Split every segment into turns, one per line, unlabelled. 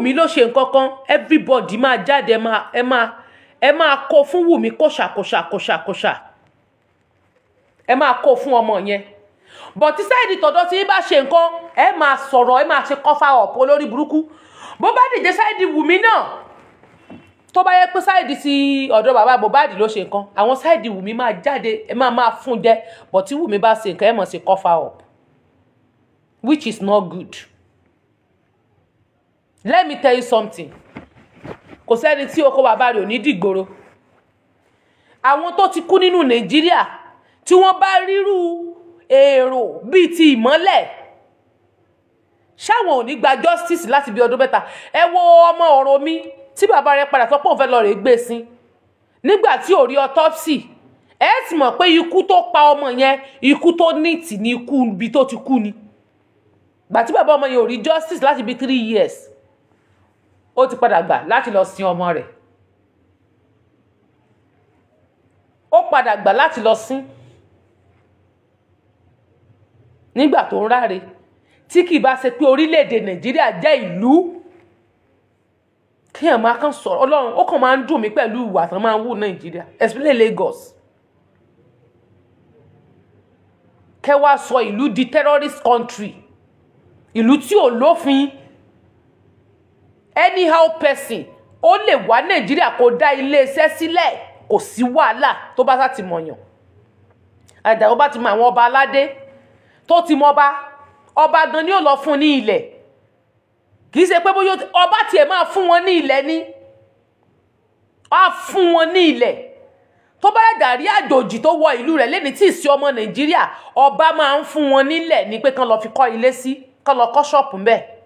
wùmí ló ṣe nǹkan kan everybody máa jáde ẹ máa ẹ máa kó fún wùmí kòṣà kòṣà kòṣà kòṣà ẹ máa kó fún ọmọ yẹn but tí sáìdì tọ̀dọ̀ tí bá ṣe nǹkan ẹ máa sọ̀rọ̀ ẹ máa ṣe kọ́fà ọ̀pọ̀ olórí burúkú bó bá dìde sáìdì wùmí náà tó bá yẹ pé sáìdì ti ọ̀dọ̀ bàbá Mohbad ló ṣe nǹkan àwọn sáìdì wùmí máa jáde ẹ máa máa fún jẹ but tí wùmí bá ṣe nǹkan ẹ máa ṣe kọ́fà ọ̀pọ̀ which is not good let me tell you something kò sẹ́ni tí oko bàbá rẹ̀ ò ní dìgboro àwọn tó ti kú nínú nàìjíríà tí wọ́n bá rírú èrò bíi ti ìmọ́lẹ̀ ṣáwọn ò ní gba justice láti bí ọdún mẹ́ta ẹ wo ọmọ ọ̀rọ̀ mi tí bàbá rẹ̀ padà sọ pé òun fẹ́ lọ rè gbé e sí nígbà tí ò rí autopsy ẹ sì mọ̀ pé ikú tó pa ọmọ yẹn ikú tó nìtì ní ikú ibi tó ti kú ni gbà tí bàbá ọmọ yẹn ò rí justice láti bí three years ó ti padà gbà láti lọ sin ọmọ rẹ̀ ó padà gbà láti lọ sin nígbà tó ń ráre tí kì í bá ṣe pé orílẹ̀-èdè nàìjíríà jẹ́ ìlú kéèyàn máa kàn sọ̀rọ̀ ọlọ́run ó kàn máa ń dùn mí pẹ̀lú ìwà tán máa ń wù nàìjíríà especially Lagos kẹ́ wá sọ ìlú di terrorist country ìlú tí ò lófin anyhow person ó lè wá nàìjíríà kó dá iléeṣẹ́ sílẹ̀ kò sí wàhálà tó bá sáti mọ̀yàn àdàrú bá ti mọ àwọn ọba aládé tó ti mọba ọba gan ni ó lọ fún ní ilẹ̀ kì í ṣe pé bóyá ọba tiẹ̀ máa fún wọn ní ilẹ̀ ni á fún wọn ní ilẹ̀ tó bá dàrí àjòjì tó wọ ìlú rẹ̀ lẹ́ni tí ì ọmọ nàìjíríà ọba máa ń fún wọn nílẹ̀ ni pé kán lọ fi kọ́ ilé sí kán lọ kọ́ ṣọ́ọ̀pù mbẹ́ẹ̀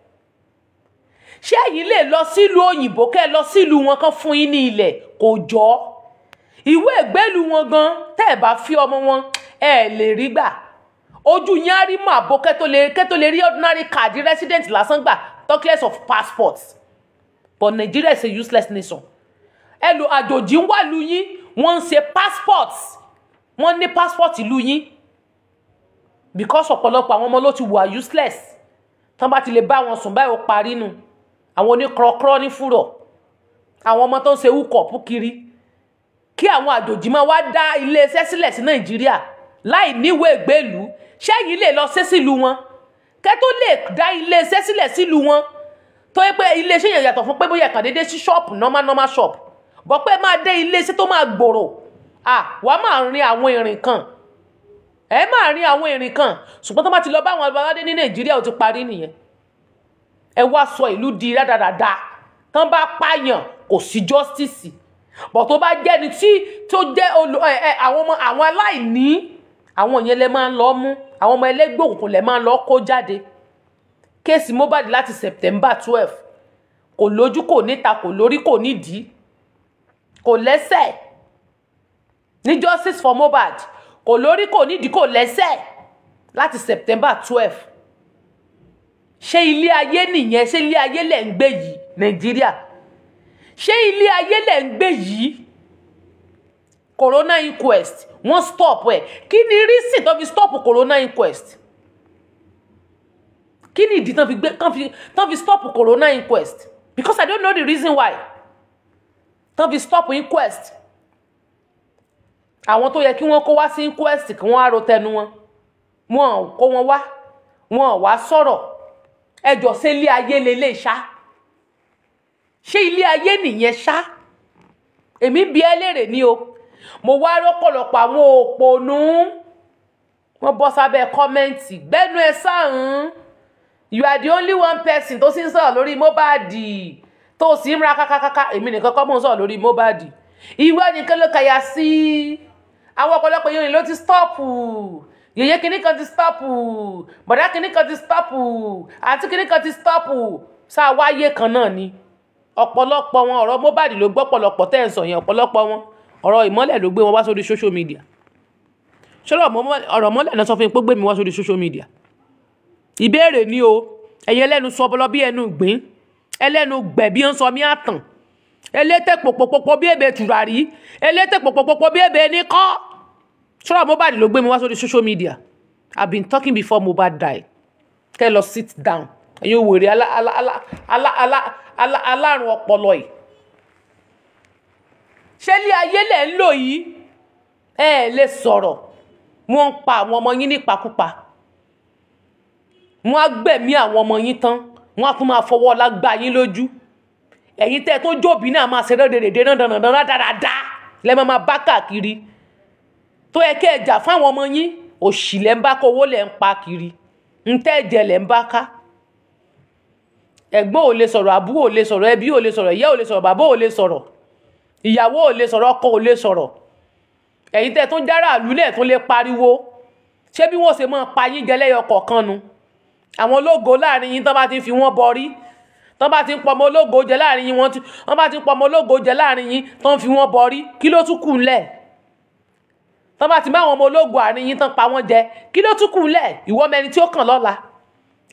ṣé ẹ̀yin lè lọ sílùú òyìnbó kẹ́ ẹ lọ sílùú wọn kan fún yín ní ilẹ̀ kò jọ ìwé ìgbélú wọn gan tẹ́ ẹ bá fi ọmọ wọn ẹ lè rí gbà ojú yín á rí mọ àbò kẹ́ lè rí ordinary card resident lásán gbà talkless of passport but Nigeria is a useless nation ẹ lo àjòjì ń wà lu yín wọ́n ń ṣe passport wọ́n ní passport ìlú yín because ọ̀pọ̀lọpọ̀ àwọn ọmọ ló ti wà useless tán bá ti lè bá wọn sùn báyìí ó parí nu. No àwọn oníkọ̀rọ̀kọ̀rọ̀ ní fúrọ̀ àwọn ọmọ tó ń ṣe wúkọ̀pù kiri kí àwọn àjòjì máa wá dá iléeṣẹ́ sílẹ̀ sí nàìjíríà láì níwèé ìgbélú ṣẹ́yìn lè lọ sí sílùú wọn kẹ́ tó lè dá iléeṣẹ́ sílẹ̀ sílùú wọn tó yẹ pé iléeṣẹ́ yẹn yàtọ̀ fún pé bóyá kàn déédéé sí ṣọ́ọ̀pù normal normal ṣọ́ọ̀pù bọ́ pé máa dé iléeṣẹ́ tó máa gbòòrò à wàá máa rin àwọn ìrìn kan ẹ máa rin àwọn ìrìn kan ṣùgbọ́n tó bá ti lọ bá àwọn aláládé ní nàìjíríà ó ti parí nìyẹn ẹ wá sọ ìlú di rádaràda tán bá pààyàn kò sí justice bọ̀ tó bá jẹ́ni tí tó jẹ́ àwọn ọmọ àwọn aláìní àwọn yẹn lẹ máa ń lọ mú àwọn ọmọ ẹlẹ́gbẹ́ òkùnkùn lẹ máa ń lọ kó jáde kéèsì Mohbad láti September twelve kò lójú kò níta kò lórí kò nídìí kò lẹ́sẹ̀ ní justice for Mohbad kò lórí kò nídìí kò lẹ́sẹ̀ láti September twelve ṣé ilé ayé nìyẹn ṣé ilé ayé lẹ̀ ń gbé yìí nàìjíríà ṣé ilé ayé lẹ̀ ń gbé yìí corona inquest wọ́n stop ẹ̀ kí ni reason tó fi stop corona inquest kí ni ìdí tán fi gbé tán fi stop corona inquest because i don't know the reason why tán fi stop inquest àwọn tó yẹ kí wọ́n kó wá sí inquest kí wọ́n á ro tẹnu wọn wọn kó wọn wá wọn wá sọ̀rọ̀ ẹjọ́ ṣe ilé ayé lélẹ̀ ṣá ṣé ilé ayé nìyẹn ṣá èmi bí ẹ ni o mo wá rọpọlọpọ àwọn òpònú wọn bọ́ sábẹ́ kọmẹǹtì gbẹnu ẹ sáhùn you are the only one person tó sì ń sọ̀rọ̀ lórí Mohbad tó sì ń ra kákákáká èmi nìkan kọ́ mò ń sọ̀rọ̀ lórí Mohbad ìwé nìkan ló kàyà sí àwọn ọ̀pọ̀lọpọ̀ yìí ló ti stọ́ọ̀pù yèyé kinní kan ti stọ́pù bọ̀dá kinní kan ti stọ́pù àti kinní kan ti stọ́pù sáà wáyé kan náà ni ọ̀pọ̀lọpọ̀ wọn ọ̀rọ̀ Mohbad ló gbọ́ pọ̀lọpọ̀ tẹ́ ẹ̀ ń sọ yẹn ọ̀pọ̀lọpọ̀ wọn ọ̀rọ̀ ìmọ́lẹ̀ ló gbé wọn wá sórí social media ṣọ́rọ̀ ọ̀rọ̀ mọ́lẹ̀ náà sọ fún mi pé gbé mi wá sórí social media ìbéèrè ni o ẹ̀yin ẹlẹ́nu sọ bọ́lọ́ bí ẹnu gbìn ẹlẹ́nu gbẹ̀ bí ń sọ mí àtàn elétè pòpòpòpò bí èbè tùràrí elétè pòpòpòpò bí èbè ní kọ́ sọ̀rọ̀ mobile ló gbé mi wá sórí social media I've been talking before mobile die kẹ́ lọ sit down ẹ̀yin òwèrè alárùn ọpọlọ yìí ṣé ilé ayé lẹ̀ ń lò yìí ẹ ẹ̀ lè sọ̀rọ̀ wọ́n ń pa àwọn ọmọ yín nípakúpa wọ́n á gbẹ̀mí àwọn ọmọ yín tán wọ́n á tún máa fọwọ́ ọlá gbá yín lójú ẹ̀yin tẹ́ ẹ tó jóòbí náà máa ṣe rẹ́dẹ̀rẹ̀dẹ̀ náà dáradára lẹ́ẹ̀ máa bá káàkiri tó yẹ kẹ́ ẹ jà fáwọn ọmọ yín òṣì lẹ́ ń bá kó owó lẹ́ ń pa kiri ntẹ́ ẹ̀jẹ̀ lẹ́ ń bá ká ẹ̀gbọ́n ò lè sọ̀rọ̀ àbúrò ò lè sọ̀rọ̀ ẹbí ò lè sọ̀rọ̀ ìyá ò lè sọ̀rọ̀ bàbá ò lè sọ̀rọ̀ ìyàwó ò lè sọ̀rọ̀ ọkọ ò lè sọ̀rọ̀ ẹ̀yin tẹ́ tún dára àlùlẹ̀ tún lè pariwo ṣé bí wọ́n ṣe máa pa yín jẹ lẹ́yọ kọ̀ọ̀kan nu àwọn ológo láàrin yín tán bá ti fi wọ́n bọrí tán bá ti ń pọmọ ológo jẹ láàrin yín wọ́n bá ti ń pọmọ ológo jẹ láàrin yín tán fi wọ́n bọrí kí ló tún kù ńlẹ̀ tán bá ti bá àwọn ọmọ ológun àárín yín tán pa wọ́n jẹ kí ló tún kù lẹ̀ ìwọ́ mẹni tí ó kàn lọ́la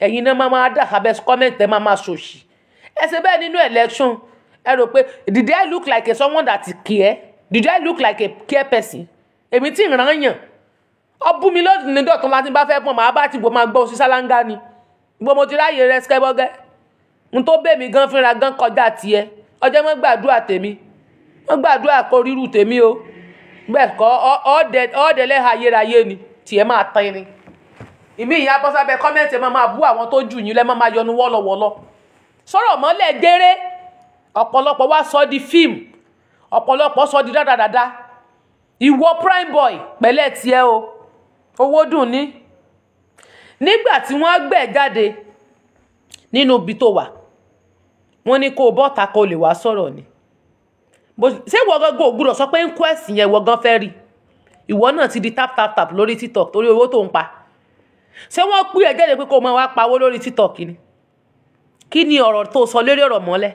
ẹ̀yin náà máa máa dà abẹ́ kọ́mẹ̀ntì ẹ̀ máa máa ṣòṣì ẹ ṣe bẹ́ẹ̀ nínú election ẹ rò pé did I look like a someone that care did I look like a care person èmi tí ìran yàn ọbú mi lọ́dún ní dọ̀tún láti bá fẹ́ pọ̀ màá bá ti bò máa gbọ́ òṣì sálángá ni gbọ́ mo ti ráàyè rẹ skẹ́bọ́gẹ́ n tó bẹ́ẹ̀ mi gan fínra gan kọjá tiẹ̀ ọjọ́ mọ́ gbàdúrà tèmi mọ́ gbàdúrà kó rírù tèmi o bẹ́ẹ̀ kọ́ ọ̀ọ́dẹ̀lẹ́ ayérayé ni tiẹ̀ máa tán irin ìmí ìyá bọ́sábẹ́ kọ́mẹ́ǹtì máa máa bú àwọn tó jù yín lẹ́ máa máa yọnu wọ́lọ́wọ́lọ́ sọ̀rọ̀ mọ́lẹ̀ géré ọ̀pọ̀lọpọ̀ wá sọ di fíìmù ọ̀pọ̀lọpọ̀ sọ di dáadáa ìwọ prime boy pẹ̀lẹ́ tiẹ̀ o owó dùn ní nígbà tí wọ́n gbẹ̀ jáde nínú ibi tó wà wọ́n ní kó bọ́ta kó lè wá sọ̀rọ̀ ni ṣé ìwọ gan go gbúdọ̀ sọ pé ń kó ẹ̀sìn yẹn ìwọ gan fẹ́ rí ìwọ náà ti di tap tap tap lórí tiktok torí owó tó ń pa ṣé wọ́n pín ẹ̀ jáde pé kó o máa wá pawó lórí tiktok ni kí ni ọ̀rọ̀ tó sọ lórí ọ̀rọ̀ mọ́lẹ̀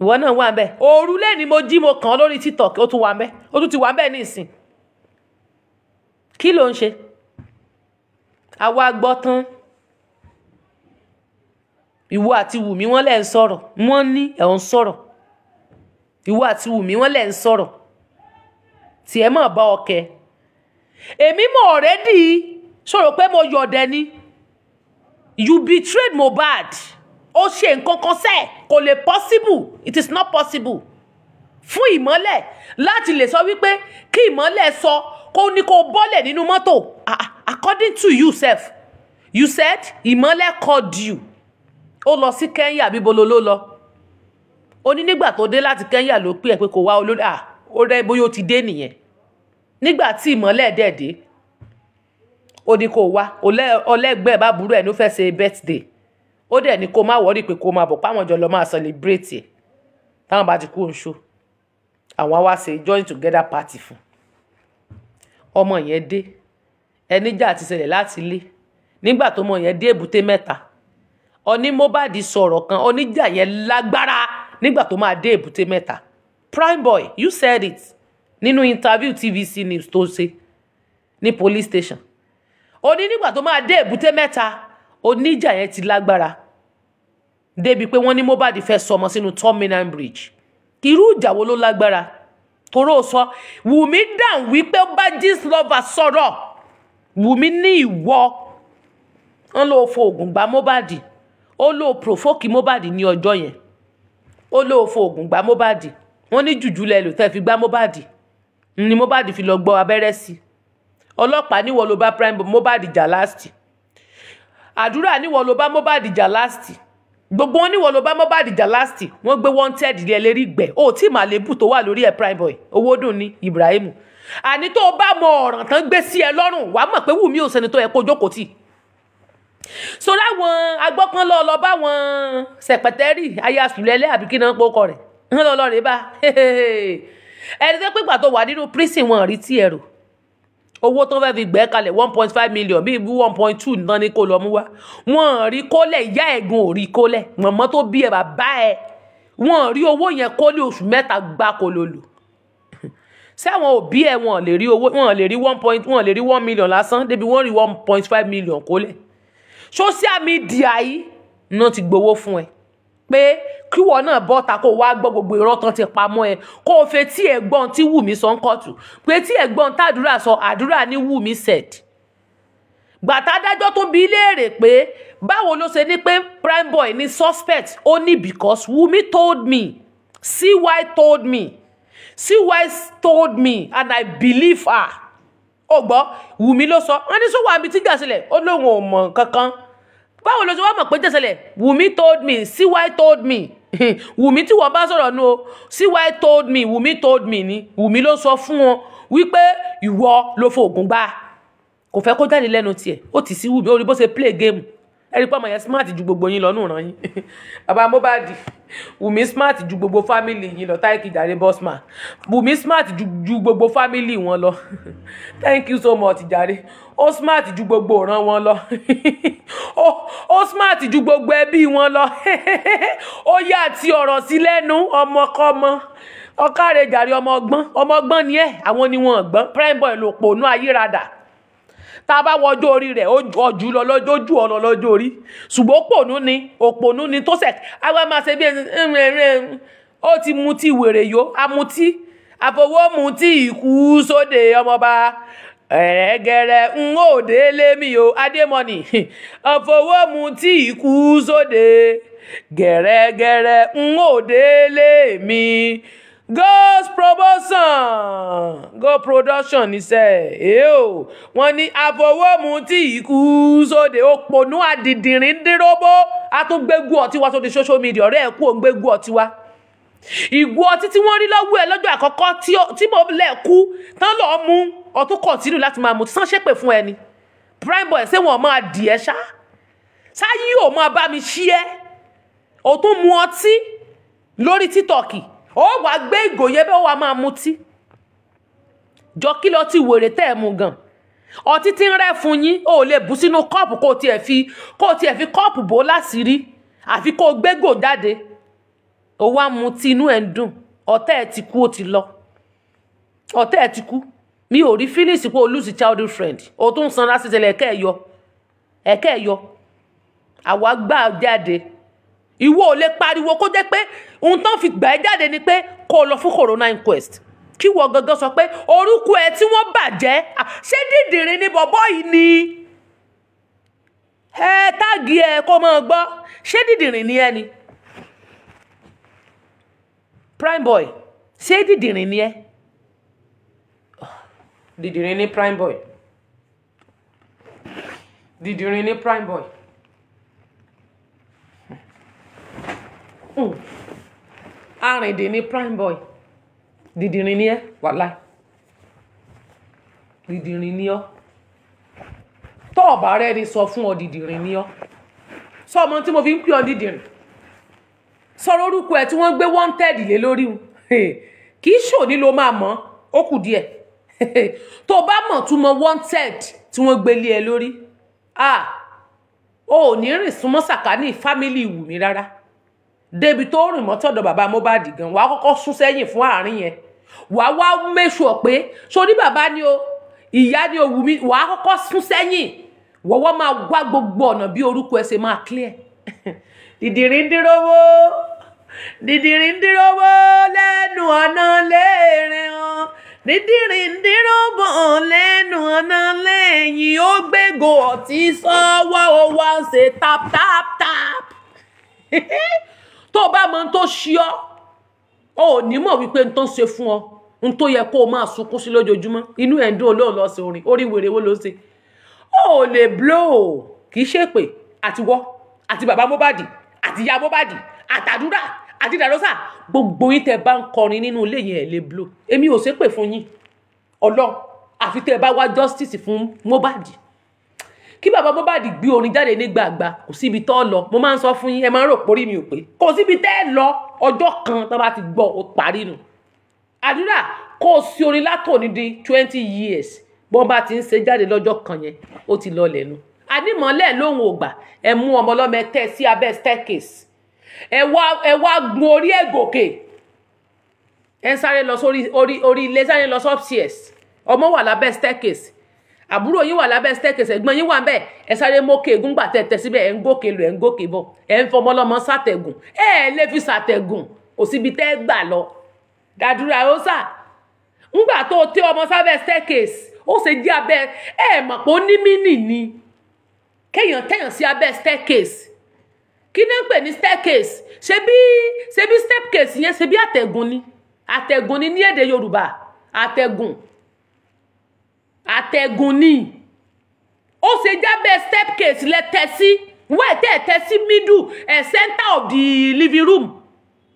ìwọ náà wà bẹ́ẹ̀ òru lẹ́ni mo jí mo kàn lórí tiktok ó tún wà bẹ́ẹ̀ ó tún ti wà bẹ́ẹ̀ ní ìsìn kí ló ń ṣe àwa gbọ́ tán ìwọ àti Wùmí wọ́n lẹ́ ń sọ̀rọ̀ wọ́n ní ẹ̀ ń sọ̀rọ̀ ìwọ àti wùmí wọn lẹ̀ ń sọ̀rọ̀ tiẹ̀ mọ̀ bá ọkẹ́ èmi mọ̀ ọ̀rẹ́dì sọ̀rọ̀ pé mo yọ̀dẹ̀ ni you betrayed Mohbad ó ṣe nǹkan kan sẹ́ẹ̀ kò lè possible it is not possible fún ìmọ́lẹ̀ láti lè sọ wípé kí ìmọ́lẹ̀ sọ kó ní kó bọ́lẹ̀ nínú mọ́tò ah, ah, according to you sef you said ìmọ́lẹ̀ called you ó lọ sí Kenya bíbolo ló lọ ó ní nígbà tó dé láti Kẹ́ńyà ló pè ẹ́ pé kò wá olórí à ó rẹ bóyá ó ti dé nìyẹn nígbà tí ìmọ́lẹ̀ dẹ̀dẹ̀ ó ní kò wá ọlẹ́gbẹ́ bàbúrò ẹ̀ ló fẹ́ ṣe birthday ó dẹ̀ ní kó má wọ́rí pé kó máa bọ̀ páwọn jọ lọ máa celebrate ẹ̀ táwọn bá ti kú oṣù àwọn wá ṣe join together party fún ọmọ yẹn dé ẹníjà ti ṣẹlẹ̀ láti ilé nígbà tó mọ yẹn dé èbúté mẹ́ta ó ní Mohbad sọ̀rọ̀ kan oníjà yẹn lágbára nígbà tó máa dé èbúté mẹ́ta prime boy you said it nínú interview tvc news tó ṣe ní police station ó ní nígbà tó máa dé èbúté mẹ́ta oníjà yẹn ti lágbára débi pé wọ́n ní Mohbad fẹ́ sọmọ sínú terminal bridge irú ìjà wo ló lágbára toró sọ Wùmí dàn wípé ó bá dis lover sọ̀rọ̀ Wùmí ní ìwọ ń lọ fo oògùn gba mobadi ó lọ provoke Mohbad ní ọjọ́ yẹn ó lóò fo oògùn gbá Mohbad wọ́n ní jùjú lẹ lò fi gbá Mohbad ni Mohbad fi lọ gbọ́ abẹ́rẹ́ sí i ọlọ́pàá níwọ ló bá prime Mohbad jà last àdúrà níwọ ló bá Mohbad jà last gbogbo wọn níwọ ló bá Mohbad jà last wọ́n gbé wanted ilé ẹlẹ́rìí gbẹ̀ ó tí màlẹ́bù tó wà lórí ẹ̀ prime boy owó dùn ní Ibrahim àní tó bá mọ ọ̀ràn tán gbé sí ẹ lọ́rùn wàá mọ̀ pé Wùmí ò sẹni tó yẹ kó jókòó tì í so láwọn agbọ́pọ́n lọ lọ bá wọn sẹ̀pẹ̀tẹ́rì aya sùlẹ́lẹ́ àbí kí náà pọ̀ ọkọ rẹ̀ ń lọ lọ rè bá ẹni tó pé ìgbà tó wà nínú prison wọn rí tí ẹ̀rọ owó tó fẹ́ fi gbẹ́ kalẹ̀ one point five million bíi one point two nǹkan ni kò lọ mú wá wọn rí kólẹ̀ ìyá ẹ̀gùn ò rí kólẹ̀ mọ̀mọ́ tó bí ẹ̀ bàbá ẹ̀ wọn rí owó yẹn kólé oṣù mẹ́ta gbáko ló lò sẹ́wọ̀n òbí ẹ̀ one point wọn lè rí one million lásán débi wọ́n rí one point five million kólẹ̀ social media yìí náà ti gbowó fún ẹ pé kíwọ náà bọ́ta kó wá gbọ́ gbogbo irọ́ tán ti pamọ́ ẹ kó o fẹ́ tí ẹ̀gbọ́n tí Wùmí sọ ń kọ́tù pé tí ẹ̀gbọ́n tàdúrà sọ àdúrà ní Wùmí said gbàtà adájọ́ tó bi léèrè pé báwo ló ṣe ní pé prime boy ni suspect ó ní because Wùmí told me CY told me CY told me and I believe her ò gbọ́ Wùmí ló sọ wọ́n ní sọ́wọ́ àbí tíjà sílẹ̀ ó lóun ò mọ̀ kankan báwo ló ṣe wá mọ̀ pé tíjà sílẹ̀ Wùmí told me CY told me Wùmí tí wọ́n bá sọ̀rọ̀ nu o CY told me Wùmí told me ni Wùmí ló sọ fún wọn wípé ìwọ ló fòògùn gbà kò fẹ́ kó jáde lẹ́nu tiẹ̀ ó ti sí Wùmí ó rí bó ṣe play game ẹ̀rí pọ́mọ yẹn smart ju gbogbo yín lọ nù ràn yín bàbá Mohbad Wùmí smart ju gbogbo family yín lọ táìkì jàre bosman Wùmí smart ju, ju gbogbo family wọn lọ thank you so much jàre ó smart ju gbogbo ọ̀ràn wọn lọ ó ó smart ju gbogbo ẹbí wọn lọ ó yà ti ọ̀rọ̀ sí lẹ́nu ọmọkọ́mọ ọkàrẹ̀ jàre ọmọ ọgbọ́n ọmọ ọgbọ́n ni ẹ̀ àwọn ni wọn ọgbọ́n prime boy ló pònú ayírada tá a bá wo ọjọ́ orí rẹ̀ ojú lọ lójú ọ̀nà lọ́jọ́ orí ṣùgbọ́n òpònú ni òpònú ni tó sẹ̀ àwa máa ṣe bí ẹni ó ti mutí wèrè yó amutí àfọwọ́ mutí ìkú sóde ọmọba ẹ̀ẹ́gẹ̀rẹ̀ ń ó délé mi o adémọ́nì àfọwọ́ mutí ìkú sóde gẹ̀rẹ́gẹ̀rẹ̀ ń ó délé mi o Go's promotion Go production níṣẹ́ èé o wọ́n ní àfọwọ́mù tí ikú sóde òpònú àdìdìrín dínróbó àtúngbégú ọtí wa sóde social media ọ̀rẹ́ ẹ̀ kú òǹgbégú ọtí wa ìgò ọtí tí wọ́n rí lọ́wọ́ ẹ lọ́jọ́ àkọ́kọ́ tí mo lẹ̀ kú tán lọ́ọ́ mú ọtún kọ̀tínú láti máa mú tí sàn ṣépè fún ẹni prime boy ṣé wọn máa dì ẹ ṣá ṣáyé ò máa bá mi ṣí ẹ ò tún mu ọtí lórí títọ̀kì ó wá gbé ìgò yẹn bẹ́ẹ̀ ó wá máa mutí jọ kí ló ti wèrè tẹ́ ẹ mu gan ọtí tí ń rẹ́ fún yín ó lè bù sínú kọ́ọ̀pù kó tiẹ̀ fi kó tiẹ̀ fi kọ́ọ̀pù bò láṣìírí àfi kó gbégò jáde ó wá mutí inú ẹ̀ ń dùn ọ̀tẹ́ ẹ̀ ti kú ó ti lọ ọ̀tẹ́ ẹ̀ ti kú mi ò rí feelings pé o lose childhood friend o tún sanra sí tẹ̀lé ẹ̀kẹ́ ẹ̀ yọ ẹ̀kẹ́ ẹ̀ yọ àwa gbà jáde ìwọ ò lè pariwo kó jẹ́ pé ohun tán fi gbà ẹ́ jáde ni pé kó o lọ fún corona inquest kí wọ́n gangan sọ pé orúkọ ẹ̀ tí wọ́n bàjẹ́ ṣé dídìrín ni bọ̀bọ́ yìí ni ẹ táàgì ẹ kó máa gbọ́ ṣé dídìrín ni ẹ ni prime boy ṣé dídìrín ni ẹ dídìrín ni prime boy dídìrín ni prime boy. Mm. arìndìn ni prime boy dìdìrín ni ẹ wàláì dìdìrín ni ọ tọ́ ọ̀bà rẹ ni sọ fún ọ dìdìrín ni ọ sọ ọmọ tí mo fi ń pè ọ dìdìrín sọ̀rọ̀ orúkọ ẹ̀ tí wọ́n gbé wọ́ntẹ́ẹ̀dì lé lórí wọn kì í ṣò ní ló máa mọ̀ ó kù díẹ̀ tó bá mọ̀ tún mọ wanted tí wọ́n gbé lé ẹ lórí ah o ò ní rìn súnmọ́ sàkání fámìlì ìwù mi rárá débi tó rìn mọ́tọ̀dọ̀ bàbá Mohbad gan wàá kọ́kọ́ sún sẹ́yìn fún àárín yẹn wàá wá méṣù ọ̀ sórí bàbá ni o ìyá ni o wù mí wàá kọ́kọ́ sún sẹ́yìn wọ́wọ́ máa wá gbogbo ọ̀nà bí orúkọ ẹ ṣe máa clear dìdìrín dírówó dìdìrín dírówó lẹ́nu ọ̀nà lẹ́ẹ̀rẹ̀ hàn dídìrín dírówó lẹ́nu ọ̀nà lẹ́yìn ó gbégo ọ̀tí sọ́wọ́ ó wá ṣe tap tap tap. tó o bá mọ ohun tó ṣe ọ́ o ò ní mọ̀ wípé ohun tó ń ṣe fún ọ ohun tó yẹ kó o máa sunkún sí lójoojúmọ́ inú ẹ̀ ń dún olóòlù ọ̀sẹ̀ orin orí wèrè wo ló ṣe o ò lè blow kì í ṣèpè àtiwọ́ àti bàbá Mohbad àti ìyá Mohbad àtàdúrà àti dàdọ́sà gbogbo yín tẹ bá ń kọrin nínú ilé yẹn lè blow èmi ò ṣépè fún yín ọlọ́run àfi tẹ bá wá justice fún mobadi kí bàbá Mohbad gbé orin jáde ní gbàgbà kò síbi tọ́ lọ mo máa ń sọ fún yín ẹ máa ń rò pórí mi ò pé kò síbi tẹ́ ẹ lọ ọjọ́ kan tó bá ti gbọ́ ó parí nù àdúrà kó sí orin látòní di twenty years bó bá ti ń ṣe jáde lọ́jọ́ kan yẹn ó ti lọ lẹ́nu àdìmọ́lẹ̀ lóhùn ògbà ẹ mú ọmọ ọlọ́mọ ẹ sí abẹ́ staircase ẹ wá ẹ wá gun orí ẹ̀ gòkè ẹ sáré lọ sórí orí orí ilé sáré lọ sọ́ọ̀pṣìẹ̀s ọmọ wà lábẹ́ staircase àbúrò yín wà lábẹ́ staircase ẹ̀gbọ́n yín wà bẹ́ẹ̀ ẹ sáré mókè egun gbà tẹ tẹ síbẹ̀ ẹ̀ ń gòkè lọ ẹ̀ ń gòkè bọ̀ ẹ̀ ń fọmọ lọ́mọ sàtẹ̀gùn ẹ̀ ẹ̀ lè fi sàtẹ̀gùn kò síbi tẹ́ gbà lọ dàdúrà ó sà ńgbà tó tẹ ọmọ sábẹ́ staircase ó ṣe jẹ́ abẹ́ ẹ̀ mọ̀ pé ó ní mínì ni kéèyàn kéèyàn sí abẹ́ staircase kí ni ń pè ní staircase ṣe bí staircase yẹn ṣe bí àtẹ̀gùn ni àtẹ̀gùn ni ní èdè Yorùbá àtẹ̀gùn àtẹ̀gùn ni ó ṣe jábẹ́ stepcase. lẹ tẹ́ sí wẹ́ẹ̀ tẹ́ ẹ̀ tẹ́ sí middle center of the living room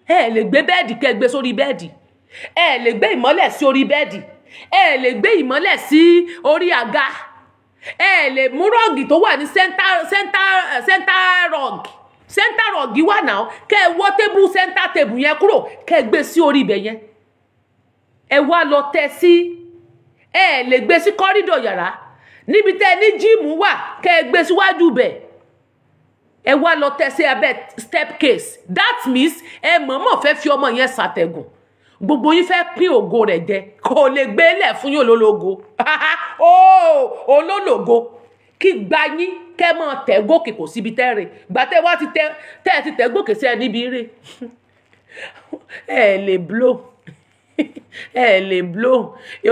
ẹ ẹ̀ lè gbé bẹ́ẹ̀dì kẹ́ ẹ gbé sórí bẹ́ẹ̀dì ẹ ẹ̀ lè gbé ìmọ́lẹ̀ sí orí bẹ́ẹ̀dì ẹ ẹ̀ lè gbé ìmọ́lẹ̀ sí orí àga ẹ ẹ̀ lè mú rọ́ọ̀gì tó wà ní center center center rọ́ọ̀gì center rọ́ọ̀gì wà náà kẹ́ ẹ wọ́ tébù center tébù yẹn kúrò kẹ́ ẹ gbé sí orí ibẹ̀ yẹn ẹ wá lọ tẹ́ sí. Si ẹ lè gbé sí kọ́rídọ̀ yàrá níbi tẹ́ ẹ ní jíìmù wà kẹ́ ẹ gbé síwájú bẹ̀ ẹ wá lọ tẹ̀sí abẹ́ step case that means ẹ mọ̀ọ́mọ̀ fẹ́ fi ọmọ yẹn ṣàtẹ̀gùn gbogbo yín fẹ́ pín ògo rẹ̀ jẹ kò lè gbé lẹ̀ fún yín olólógo olólógo kí gba yín kẹ́ mọ́ tẹ̀ gòkè kò síbi tẹ́ rè gbà tẹ́ wá ti tẹ́ ẹ ti tẹ́ gòkè sí ẹ níbi rè ẹ lè blow ẹ lè blow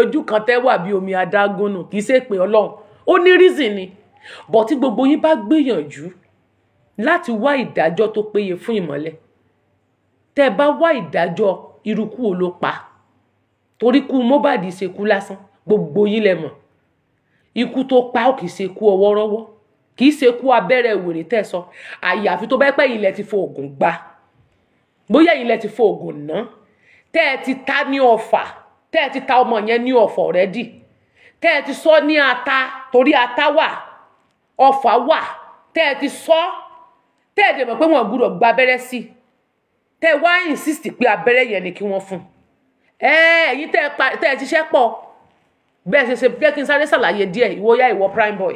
ojú kan tẹ́ wà bí omi adágún nù kì í ṣe pé ọlọ́run ó ní reason ni bọ̀ tí gbogbo yín bá gbìyànjú láti wá ìdájọ́ tó péye fún ìmọ́lẹ̀ tẹ́ ẹ bá wá ìdájọ́ irúkú wo ló pa torí kú Mohbad ṣekú lásán gbogbo yín lẹ mọ̀ ikú tó pa ó kì í ṣekú ọwọ́ rọ́wọ́ kì í ṣekú abẹ́rẹ́ wèrè tẹ̀ sọ àyàfi tó bá pẹ́ yín lẹ ti fo oògùn gbà bóyá yín lẹ ti fo oògùn náà tẹ́ ẹ ti ta ní ọ̀fà tẹ́ ẹ ti ta ọmọ yẹn ní ọ̀fà ọ̀rẹ́dì tẹ́ ẹ ti sọ ní ata torí ata wà ọ̀fà wà tẹ́ ẹ ti sọ tẹ́ ẹ dẹ̀mọ̀ pé wọ́n gbúdọ̀ gba abẹ́rẹ́ sí tẹ́ ẹ wá insist pé abẹ́rẹ́ yẹn ni kí wọ́n fún ẹ ẹ̀yin tẹ́ ẹ ti ṣẹ́ pọ̀ bẹ́ẹ̀ ṣe ṣe bẹ́ẹ̀ kí n sáré ṣàlàyé díẹ̀ ìwọ yá ìwọ prime boy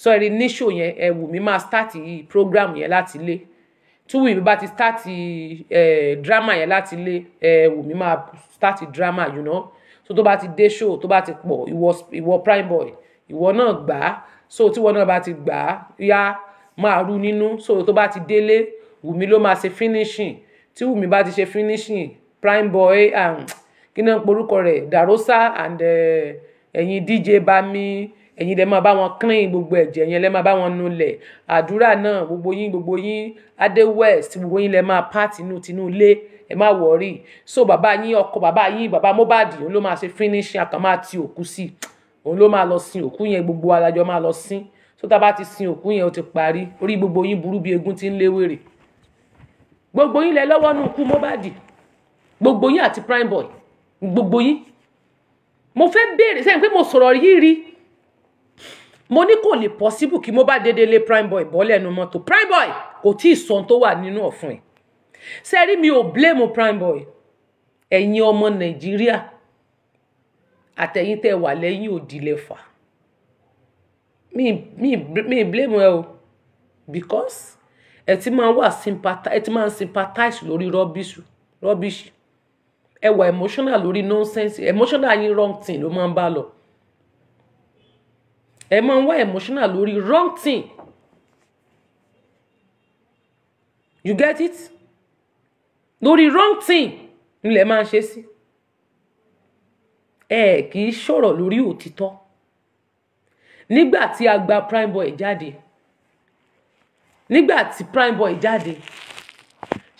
sọ ẹ̀rí níṣò yẹn ẹ̀wù mi máa start yìí program yẹn láti ilé tí Wùmí bá ti stáàtì eh, drama yẹn láti lé eh, Wùmí máa stáàtì drama you know so tó bá ti dé show tó bá ti pọ̀ ìwọ ìwọ prime boy ìwọ náà gbà á so tíwọ náà bá ti gbà á yá máa rú nínú so tó bá ti délé Wùmí ló máa ṣe finishing tí Wùmí bá ti ṣe finishing prime boy um, kí náà ń porúkọ rẹ̀ Darosa and eh, ẹ̀yin uh, DJ Bami ẹ̀yin lẹ máa bá wọn clean gbogbo ẹ̀jẹ̀ yẹn lẹ máa bá wọn nulẹ̀ àdúrà náà gbogbo yín gbogbo yín adé west gbogbo yín lẹ máa pa tinú tinú ilé ẹ má wọrí so bàbá yín ọkọ bàbá yín bàbá Mohbad òun ló máa ṣe finishing àkàn máa ti òkú sí òun ló máa lọ sin òkú yẹn gbogbo alájọ máa lọ sin tó tá a bá ti sin òkú yẹn ó ti parí orí gbogbo yín burú bí egun ti ń léwèrè gbogbo yín lẹ lọ́wọ́ nù kú Mohbad gbogbo yín àti Primeboy gbogbo yín mo fẹ́ béèrè sẹ́yìn pé mo sọ̀rọ̀ yìí rí mo ní kò lè possible kí mo bá dédé lé prime boy bọ́ lẹ́nu mọ́tò prime boy kò tí ì sọ tó wà nínú ọ̀fun ẹ̀ ṣe mi ò blame prime boy ẹ̀yin ọmọ nàìjíríà àtẹ̀yìn tẹ́ wà lẹ́yìn òdìlẹ̀ fà mi mi blame ẹ o because ẹ ti máa wà sympathize ẹ ti máa sympathize lórí rubbish rubbish. ẹ wà emotional lórí nonsense emotional yín wrong thing ló máa ń bá lọ ẹ máa ń wá emotional lórí wrong thing you get it lórí wrong thing nílẹ̀ máa ń ṣe sí ẹ kì í sọ̀rọ̀ lórí òtítọ́ nígbà tí a gba prime boy jáde nígbà tí prime boy jáde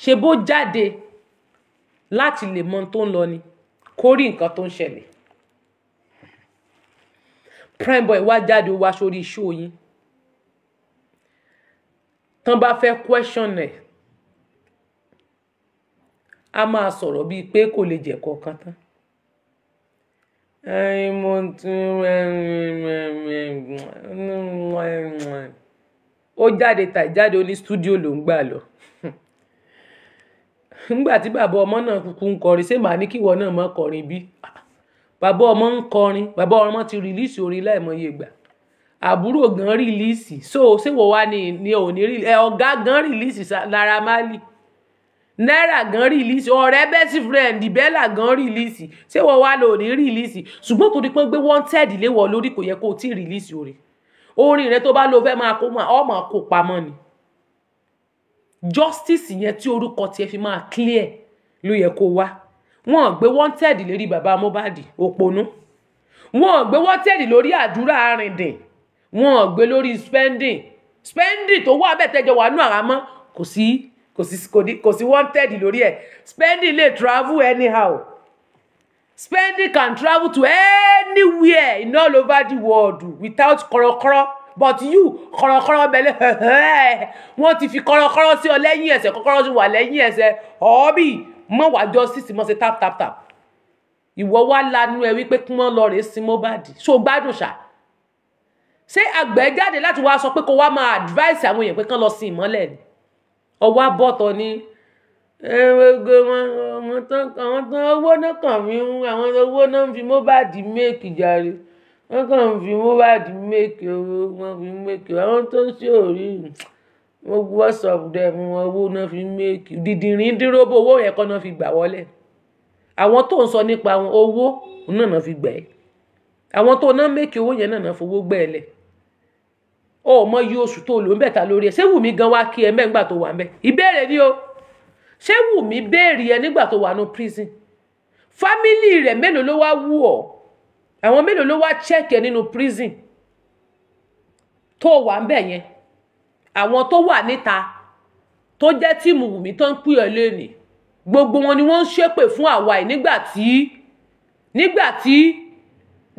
ṣe bó jáde láti lè mọ tó ń lọ ni kó nǹkan tó ń ṣẹlẹ̀ PrimeBoy wá jáde wá sórí show yín tán bá fẹ́ question ẹ̀ a máa sọ̀rọ̀ bíi pé kò lè jẹ́ kọ̀ọ̀kan tán mo tún ó jáde tà jáde ó ní stúdíò ló ń gbà lọ nígbà tí bàbá ọmọ náà kúkú ń kọrin ṣé màá ní kíwọ náà má kọrin bí bàbá ọmọ ń kọrin bàbá ọmọ ti rìlíìsì orin láìmọye ìgbà àbúrò gan rìlíìsì so ṣéwọ wa ni ni ò ní rìlíìsì ẹ ọ̀gá gan rìlíìsì Naira Marley náírà gan rìlíìsì ọ̀rẹ́ bẹ́sì fúrẹ́ǹdì bẹ́là gan rìlíìsì ṣéwọ wa lò ní rìlíìsì ṣùgbọ́n torí pé gbé wanted léwọ̀ lórí kò yẹ kó o tí ì rìlíìsì orin orin rẹ tó bá lo fẹ́ máa kó ọmọ kó pamọ́ ni justice yẹn tí orúkọ tiẹ̀ fi máa clear ló yẹ kó wá wọn ò gbé wanted lérí Baba. Mohbad òpònú wọn ò gbé wanted lórí àdúrà arìndìn wọn ò gbé lórí spending spending tó wà bẹ́ẹ̀ tẹ́jọ wà nù àrámọ́ kò sí kò sí kò sí wanted lórí ẹ̀ spending lè travel anyhow spending can travel to anywhere in all over the world without kọ̀rọ̀kọ̀rọ̀ but you kọ̀rọ̀kọ̀rọ̀ bẹ̀lẹ̀ wọ́n ti fi kọ̀rọ̀kọ̀rọ̀ sí ọ lẹ́yìn ẹsẹ̀ kọ̀rọ̀kọ̀rọ̀ ti wà lẹ́yìn ẹsẹ̀ ọ̀ọ́bì mọ́ wàá jọ sísì mọ́ ṣe tap tap tap ìwọ wá lanu ẹ wípé kí wọ́n lọ rèé sin Mohbad ṣó gbádùn ṣá ṣé àgbẹ̀ jáde láti wá sọ pé kó wá máa advice àwọn èèyàn pé kán lọ sin ìmọ́lẹ̀ ni ọwọ́ abọ́tọ̀ ni àwọn tán owó náà kàn mí àwọn owó náà fi Mohbad méèkì jàre wọ́n kàn fi Mohbad méèkì owó wọ́n fi méèkì àwọn tó ń ṣe òrí wọ́n gbọ́ wọ́sọ̀pù dẹ̀ mú wọn owó náà fi méèkì dìdìrín díròbó owó yẹn kọ́ náà fi gbà wọlé àwọn tó ń sọ nípa àwọn owó náà náà fi gbà ẹ́ àwọn tó náà méèkì owó yẹn náà náà fowó gbà ẹ́ lẹ̀ ó mọ iye oṣù tó lò ń bẹ̀ ta lórí ẹ̀ ṣé wùmí gan wá kí ẹ mẹ́ngbà tó wà mẹ́ ìbéèrè ni o ṣé wùmí béèrè ẹ nígbà tó wà ní prison fámìlì rẹ̀ mélòó ló wá wù ọ́ àwọn mélòó ló wá check ẹ nínú prison tó wà ń bẹ̀ yẹn àwọn tó wà níta tó jẹ́ tíìmù Wùmí tó ń pìyàn lẹ́nìí gbogbo wọn ni wọ́n ń ṣépè fún àwa yìí nígbà tí nígbà tí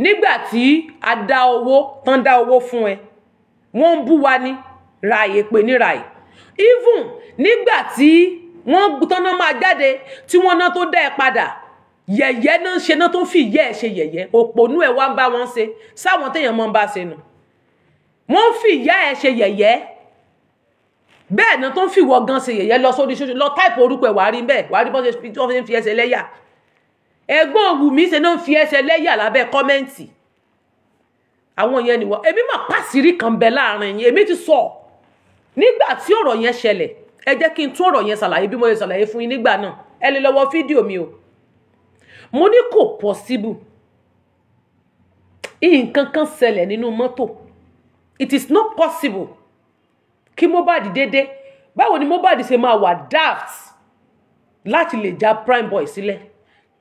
nígbà tí a dá owó tán dá owó fún ẹ wọ́n ń bú wa ní ràyè pé ní ràyè even nígbà tí wọ́n tán náà máa jáde tí wọ́n náà tó dá ẹ padà yẹ̀yẹ́ náà ṣe náà tó fi yẹ́ ẹ ṣe yẹ̀yẹ́ òpònú ẹ̀ wá ń bá wọn ṣe sáwọn téèyàn máa ń bá ṣe nù wọ́n fi ìyá ẹ ṣe yẹ̀yẹ́ bẹ́ẹ̀ náà tó ń fìwọ gan ṣe yẹ̀yẹ́ lọ sórí ṣoṣo lọ táìpù orúkọ ẹ̀ wàá rí bẹ́ẹ̀ wàá rí bọ́n ṣe fi tí wọ́n fi ń fi ẹsẹ̀ lẹ́yà ẹ̀gbọ́n òwú mi ṣe náà ń fi ẹsẹ̀ lẹ́yà lábẹ́ kọ́mẹ́ǹtì àwọn yẹn nìwọ èmi mà pàṣírí kan bẹ láàrin yín èmi ti sọ nígbà tí ọ̀rọ̀ yẹn ṣẹlẹ̀ ẹ jẹ́ kí n tún ọ̀rọ̀ yẹn ṣàlàyé bí mo ṣe ṣàlàyé fún yín nígbà náà ẹ lè lọ́wọ́ fídíò mi o mo ní kò pọ́síbù nǹkan kan ṣẹlẹ̀ nínú mọ́tò it is not possible kí Mohbad dédé báwo ni Mohbad ṣe máa wà daft láti lè já boy sílẹ̀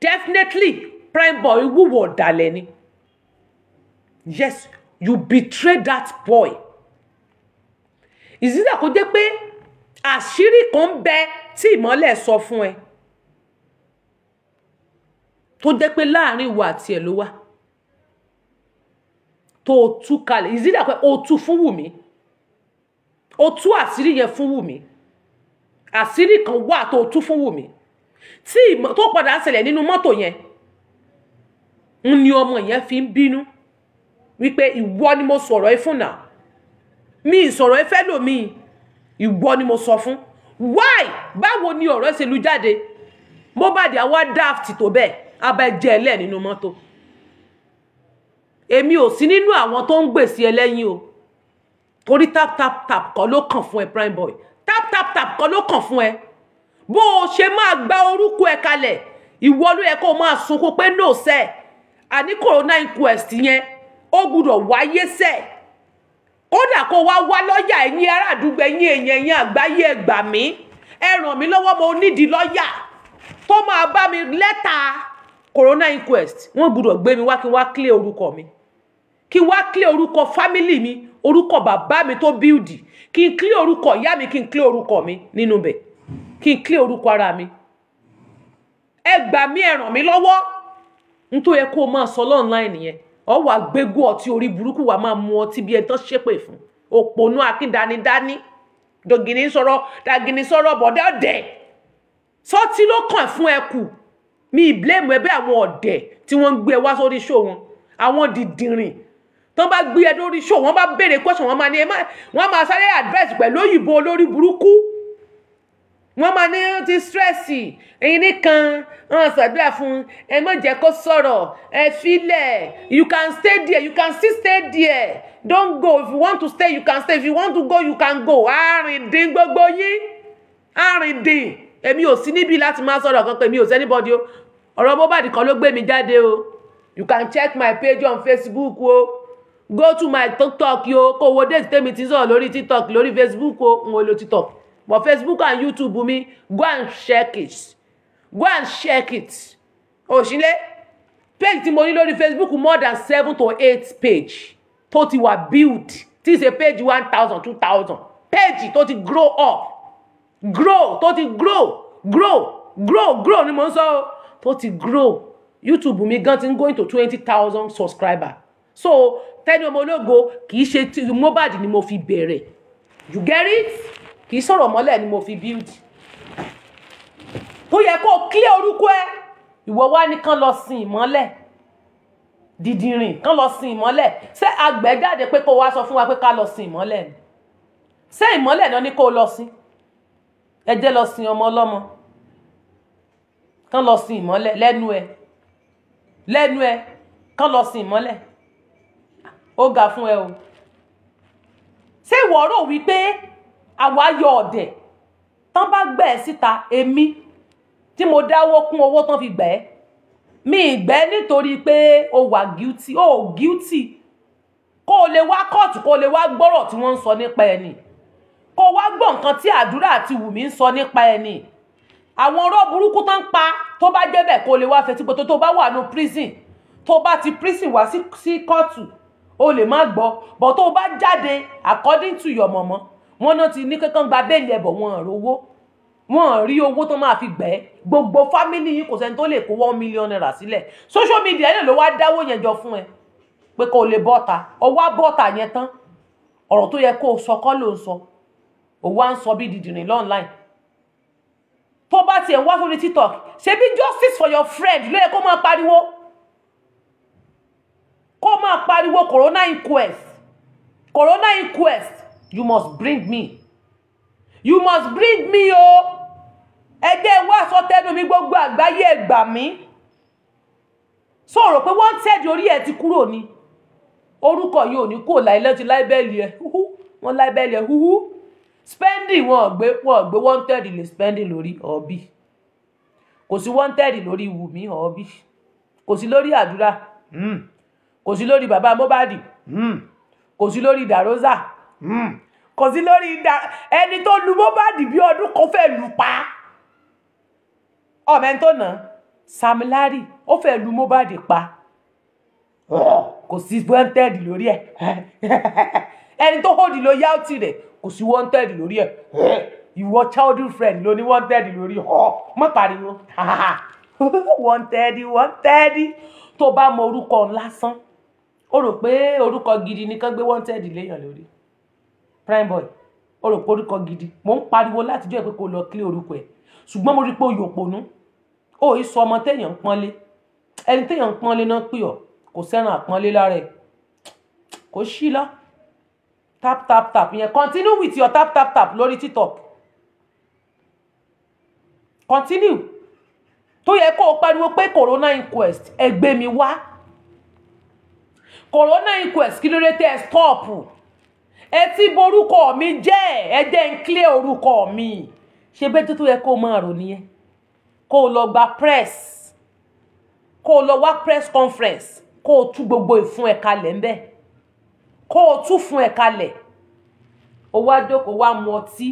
definitely prime boy wúwo ọ̀dàlẹ̀ ni yes you betray that boy ìsísà kó jẹ́ pé àṣírí kan ń bẹ tí ìmọ́lẹ̀ sọ fún ẹ tó jẹ́ pé láàrin ìwà àti ẹ̀ ló wà tó tú kalẹ̀ ìsísà pé o tú fún Wùmí o tú àṣírí yẹn fún Wùmí àṣírí kan wà tó o tú fún Wùmí tí tó padà ṣẹlẹ̀ nínú mọ́tò yẹn ń ní ọmọ yẹn fi ń bínú wípé ìwọ ni mo soro ẹ fún náà mi soro ẹ fẹ́ lòmíì ìwọ ni mo sọ fún why báwo ni ọ̀rọ̀ se lu jáde Mohbad awa daft tó bẹ́ẹ̀ abẹ́jẹ́ ẹlẹ́ nínú mọ́tò èmi ò sí nínú àwọn tó ń gbèsè ẹlẹ́yìn o torí tap tap tap kọ́ ló kàn fún ẹ prime boy tap tap tap kọ́ ló kàn fún ẹ bó o ṣe máa gba orúkọ ẹ kalẹ̀ ìwọ ló yẹ kó o máa sunkún pé no sẹ́ àní corona inquest yẹn ó gbúdọ̀ wáyé sẹ́ kódà kó wá wá lọ́ọ̀yà ẹ̀yin ará àdúgbò ẹ̀yin èèyàn ẹ̀yin àgbáyé ẹ gbà mí ẹ ràn mí lọ́wọ́ mo nídìí lọ́ọ̀yà tó máa bá mi lẹ́tà corona inquest wọ́n gbúdọ̀ gbé mi wá kí n wá clear orúkọ mi kí wá clear orúkọ fámìlì mi orúkọ bàbá mi tó bíldì kí n clear orúkọ ìyá mi kí n clear orúkọ mi nínú bẹ̀ kí n clear orúkọ ara mi ẹ gbà mí ẹ ràn mí n tó yẹ kó o máa sọ online nìyẹn ọ wà gbégó ọtí orí burúkú wà máa mu ọtí bí ẹ ṣépè fún òpònú akíndánidání dògìní sọ̀rọ̀ dàgìní sọ̀rọ̀ bọ̀dá ọ̀dẹ̀ sọtí ló kàn fún ẹ kù mi ìbílẹ̀mù ẹbẹ́ àwọn ọ̀dẹ̀ tí wọ́n ń gbé ẹ wá sórí àwọn tán bá gbé ẹ lórí show wọ́n bá béèrè question wọ́n máa ní ẹ má wọ́n máa sáré advice pẹ̀lú òyìnbó olórí burúkú wọ́n máa ní ti strẹ́ẹ̀sì ẹ̀yin nìkan ọ̀hún ṣàdúrà fún ẹ má jẹ́ kó sọ̀rọ̀ ẹ filẹ̀ you can stay there you can still stay there don't go if you want to stay you can stay if you want to go you can go arìndín gbogbo yín arìndín èmi ò sí níbi láti máa sọ̀rọ̀ kankan èmi ò sẹ́ni bọ́dí o ọ̀rọ̀ Mohbad kan ló gbé mi jáde o you can check my page on Facebook o. Oh go to my tiktok yo kó wo date tèmi ti sọ̀rọ̀ lórí tiktok lórí facebook o n ò lo tiktok but facebook and youtube mi go and check it go and check it òṣìlẹ̀ page tí mo ní lórí facebook more than seven to eight page tó ti wà build tí ṣe page one thousand two thousand page tó ti grow up grow tó ti grow grow grow grow ni mo ń sọ o tó ti grow youtube mi gan ti ń go into twenty thousand subscriber so Tẹ́ni ọmọ ológo kì í ṣe Mohbad ni mo fi bẹ̀rẹ̀ you get it kì í sọ̀rọ̀ mọ́lẹ̀ ni mo fi build tó yẹ kó clear orúkọ ẹ ìwọ wá ní kán lọ sin ìmọ́lẹ̀ dìdìrìn kán lọ sin ìmọ́lẹ̀ ṣé àgbẹ̀ jáde pé kó wá sọ fún wa pé ká lọ sin ìmọ́lẹ̀ ni ṣé ìmọ́lẹ̀ náà ní kó lọ sin ẹ jẹ́ lọ sin ọmọ ọlọ́mọ kán lọ sin ìmọ́lẹ̀ lẹ́nu ẹ lẹ́nu ẹ kán lọ sin ìmọ́lẹ̀ ó ga fún ẹ o ṣé ìwọ rò wípé àwa yọ ọ̀dẹ̀ tán bá gbẹ̀ ẹ́ síta èmi tí mo dáwó kún owó tán fi gbẹ̀ ẹ́ mi ìgbẹ́ nítorí pé o wà guilty o oh, guilty kó o lè wá kóòtù kó o lè wá gbọ́rọ̀ tí wọ́n ń sọ nípa ẹni kó o wá gbọ́ nǹkan tí àdúrà àti wùmí ń sọ nípa ẹni àwọn ọ̀rọ̀ burúkú tán ń pa tó bá jẹ́ bẹ́ẹ̀ kó o lè wá fetí pé tó bá wà ní prison tó bá ti prison wá sí kóòtù. Si, si o lè má gbọ́ bọ̀ tó o bá jáde according to your mama, wọn náà ti ní kankan gba bẹ́ẹ̀lì ẹ̀bọ̀ wọn ò rówó wọn ò rí owó tó máa fi gbẹ́ gbogbo fámìlì yìí kò sẹ́ni tó lè kó one million naira sílẹ̀ social media yẹn ló wá dáwó yẹn jọ fún ẹ pé kò lè bọ́ta ọwọ́ bọ́ta yẹn tán ọ̀rọ̀ tó yẹ kó o sọ kọ́ ló ń sọ òwò à ń sọ bí dìdìrín online tó bá tiẹ̀ wá sórí TikTok ṣebí justice for your friend ló yẹ kó máa pariwo kó máa pariwo corona inquest corona inquest you must bring me you must bring me o ẹ jẹ́ wá aṣọ tẹnu mi gbogbo àgbáyé ẹ gbà mí sọ̀rọ̀ pé wọ́n tẹ̀dí orí ẹ ti kúrò ni orúkọ yìí ò ní kó láì lẹ́tí láìbẹ́ẹ̀lì ẹ húhú wọn láìbẹ́ẹ̀lì ẹ húhú spending wọn gbé wọn gbé wanted lè spending lórí ọ̀bì kò sí wanted lórí wùmí ọ̀bì kò sí lórí àdúrà. Mm kò sí lórí bàbá Mohbad hmm. kò sí lórí Darosa hmm. kò sí lórí ẹni tó lu Mohbad bí ọdún kan fẹ́ lù pa ọmọ ẹni tó nà Sam Larry ó fẹ́ lu Mohbad pa oh. kò sí wanted lórí ẹ ẹni tó hold ló yá ọtí rẹ kò sí wanted lórí ẹ eh. ìwọ childhood friend ló ní wanted lórí ọ oh. mọ pariwo wanted wanted tó bá mọ orúkọ lásán o rò pé orúkọ gidi ni kán gbé wanted léèyàn lórí prime boy o rò pé orúkọ gidi mò ń pariwo látijọ́ ìpè kò lọ clear orúkọ ẹ̀ ṣùgbọ́n mo rí pé oyè òpònú ó yìí sọ ọmọ téèyàn ń pọ́nlé ẹni téèyàn ń pọ́nlé náà pè ọ́ kò sẹ́ràn àpọ́nlé lára ẹ̀ kò sí lọ tap tap tap yẹn continue with your tap tap tap lórí tiktok continue tó yẹ kó o pariwo pé corona inquest ẹ mi wá corona inquest kí ló dé tẹ́ ẹ stop ẹ ti borúkọ mi jẹ́ ẹ jẹ́ ń clear orúkọ mi ṣe bẹ́ẹ̀ tó tó yẹ kó o máa rò nìyẹn kó o lọ gba press kó o lọ wá press conference kó o tú gbogbo ìfún ẹ̀ kalẹ̀ ńbẹ́ kó o tú fún ẹ̀ kalẹ̀ o wá jókòó wá mu ọtí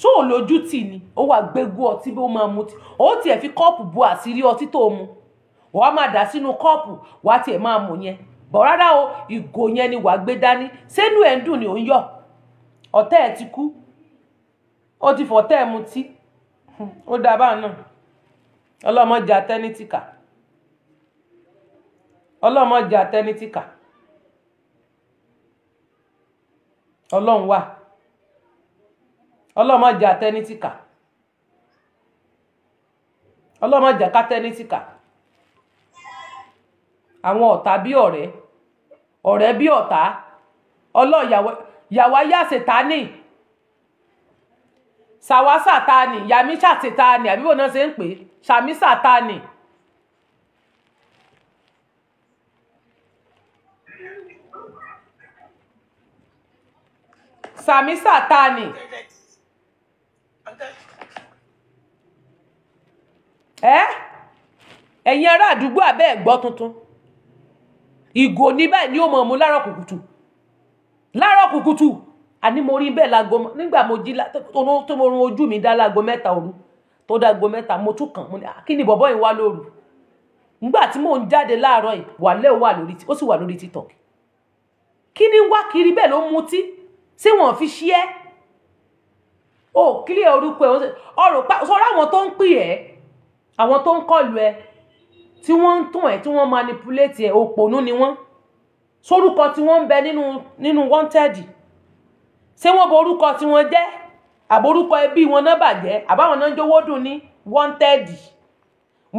ṣó o lójú tì ní o wà gbégú ọtí bí o máa mu ọtí o tiẹ̀ fi kọ́ọ̀pù bu àṣírí ọtí tó o mu wàá máa dà sínú kọ́ọ̀pù wàá tiẹ̀ máa mu yẹn bọ̀ rárá o ìgò yẹn ni wàá gbé dání sẹ́nu ẹ̀ ń dùn ni ò ń yọ̀ ọ̀tẹ̀ ẹ̀ ti kú ó ti fọ̀tẹ̀ ẹ̀ tí ó dáa báyìí náà ọlọ́mọdé atẹ́nítìkà ọlọ́mọdé atẹ́nítìkà ọlọ́run wà ọlọ́mọdé atẹ́nítìkà ọlọ́mọdé kátẹ́nítìkà àwọn ọ̀tá bí ọ̀rẹ́ ọ̀rẹ́ bí ọ̀tá ọlọ́yàwá yà sètánì sàwá sàtánì yàmísà sètánì àbíbò náà ṣe ń pè sàmí sàtánì. sàmí sàtánì. ẹ ẹ̀yin ará àdúgbò abẹ́ ẹ̀ gbọ́ tuntun ìgò ní báyìí ni ó mọ̀ mú láàárọ̀ kùkùtù láàárọ̀ kùkùtù àní mo rí bẹ́ẹ̀ láago nígbà mo jí tó mo rún ojú mi dá láago mẹ́ta òru tó dáago mẹ́ta mo tún kàn ní kí ni bọ̀bọ́ yìí wá lóru nígbà tí mò ń jáde láàárọ̀ yìí wà lẹ́ wà lórí ó sì wà lórí TikTok kí ni wá kiri bẹ́ẹ̀ ló mutí tí wọ́n fi ṣí ẹ́ oh, ó kílẹ̀ orúkọ ẹ̀ ọ̀rọ̀ pa sọ́ra àwọn tó ń pè ẹ́ àwọn tó ń kọlu ẹ tí wọ́n ń tàn ẹ́ tí wọ́n manipulate ẹ̀ òpònú ni wọ́n sórúkọ tí wọ́n ń bẹ nínú nínú wanted ṣé wọ́n borúkọ tí wọ́n jẹ́ àborúkọ ẹbí wọn náà bàjẹ́ àbáwọn náà ń jówó dùn ní wanted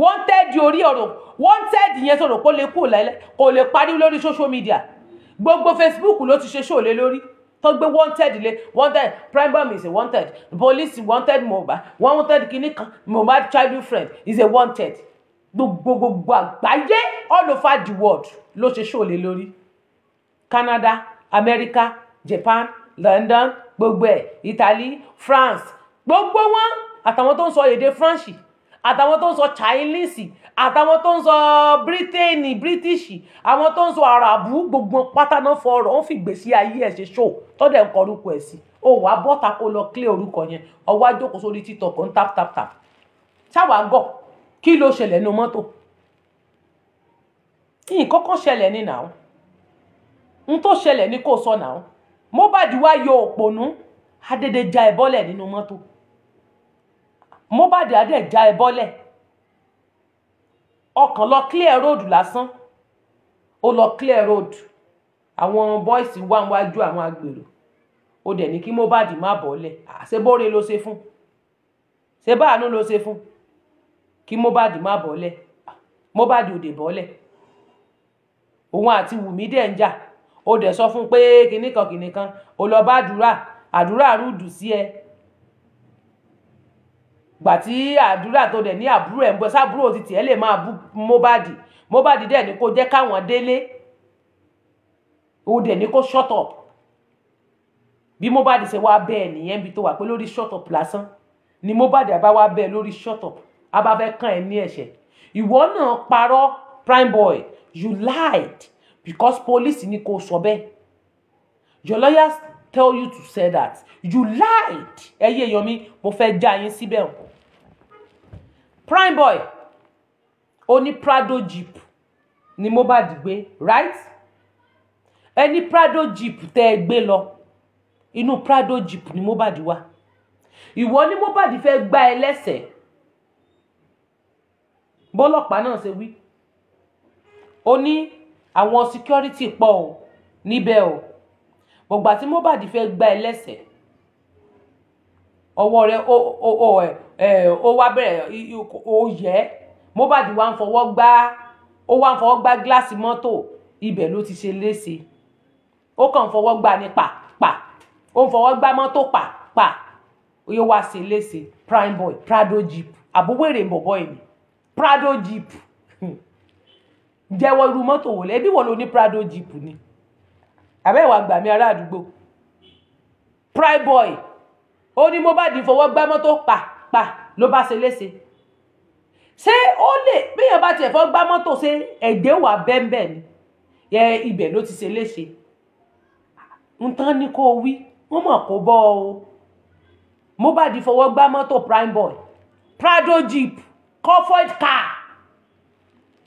wanted orí ọ̀rọ̀ wanted yẹn sọ̀rọ̀ kó lè kú lẹ́lẹ́ kó lè parí lórí social media gbogbo Facebook ló ti ṣe ṣòlè lórí tó gbé wanted lé wanted prime bomb is a wanted police wanted mohbad wanted kìnnìkan mohbad childhood friend is a wanted gbogbo gbogbo àgbáyé all over the world ló ṣe ṣòlè lórí Canada America Japan London gbogbo ẹ̀ Italy France gbogbo wọn àtàwọn tó ń sọ èdè French àtàwọn tó ń sọ Chinese àtàwọn tó ń sọ Britain British àwọn tó ń sọ Arabu gbogbo pátá náà fọ̀rọ̀ wọn fi gbèsè ayé ẹ ṣe ṣó tọdẹ nǹkan orúkọ ẹ sí o wàá bọ́ta kó lọ clear orúkọ yẹn ọwọ́ ajókòó sórí títọ̀ kan tap tap tap ṣáwàá gọ̀ kí ló ṣẹlẹ̀ nínú mọ́tò nǹkan kan ṣẹlẹ̀ ní nàá n tó ṣẹlẹ̀ ní kò sọ nàá Mohbad wá yọ òpònú adédè ja ẹ bọ́lẹ̀ nínú mọ́tò Mohbad adé ja ẹ bọ́lẹ̀ ọkàn lọ clear road lásán ó lọ clear road àwọn boys wà wájú àwọn agbèrò ó dẹ̀ ní kí Mohbad má bọ́lẹ̀ àṣebóore ló ṣe fún ṣe báàánú ló ṣe fún kí Mohbad má bọ́lẹ̀ ah, Mohbad ò dé bọ́lẹ̀ òun àti Wùmí dẹ̀ ń jà ó dẹ̀ sọ fún pé kinní kan kinní kan ó lọ bá àdúrà àdúrà rúdù sí ẹ gbà tí àdúrà tó dẹ̀ ní àbúrò ẹ̀ ń bọ́ sábúrò ti tiẹ̀ lè máa bú Mohbad Mohbad dẹ̀ ní kó jẹ́ káwọn délé ó dẹ̀ ní kó shut up bí Mohbad ṣe wá bẹ́ẹ̀ nìyẹn bí tó wà pé lórí shut up lásán ni Mohbad àbá wá bẹ́ẹ̀ lórí shut up a bá fẹ́ kàn ẹ́ ní ẹ̀ṣẹ̀ ìwọ náà parọ́ prime boy you lied because police ní kò sọ bẹ́ẹ̀ your lawyers tell you to say that you lied ẹ yomi mo fẹ́ já yín síbẹ̀ o prime boy ó prado jeep ni Mohbad gbé right ẹni prado jeep tẹ́ ẹ gbé lọ inú prado jeep ni Mohbad wà ìwọ ni Mohbad fẹ́ gbá ẹ lẹ́sẹ̀ẹ́ bọ́lọ́pàá náà ṣe wí ó ní àwọn security pọ̀ o níbẹ̀ o gbogbo àti Mohbad fẹ́ gba ẹ lẹ́sẹ̀ ọwọ́ rẹ ó ó ó ẹ ó wá bẹ̀rẹ̀ ó yẹ Mohbad wá ń fọwọ́ gbá ó wá ń fọwọ́ gbá gíláàsì mọ́tò ibẹ̀ ló ti ṣe léṣe ó kàn ń fọwọ́ gbá ní pa pa ó ń fọwọ́ gbá mọ́tò pa pa ó yẹ wá ṣe léṣe prime boy prado jeep àbúwèrè bọ̀bọ̀ ẹ̀mí prado jeep jẹ́wọ́ irú mọ́tò wò lẹ́bí wọ́n ló ní prado jeep ni àbẹ́ ìwà gbàmí ará àdúgbò prime boy ó ní Mohbad fọwọ́ gbá mọ́tò pa pa ló bá ṣe léṣe ṣé ó lè bíyàn bá tiẹ̀ fọ́ gbá mọ́tò ṣe ẹ̀gbẹ́ wà bẹ́ẹ̀bẹ́ẹ̀ ni yẹ ibẹ̀ ló ti ṣe léṣe nǹkan ni kò wí wọ́n mọ̀ kó bọ́ ọ Mohbad fọwọ́ gbá mọ́tò prime boy prado jeep comfort car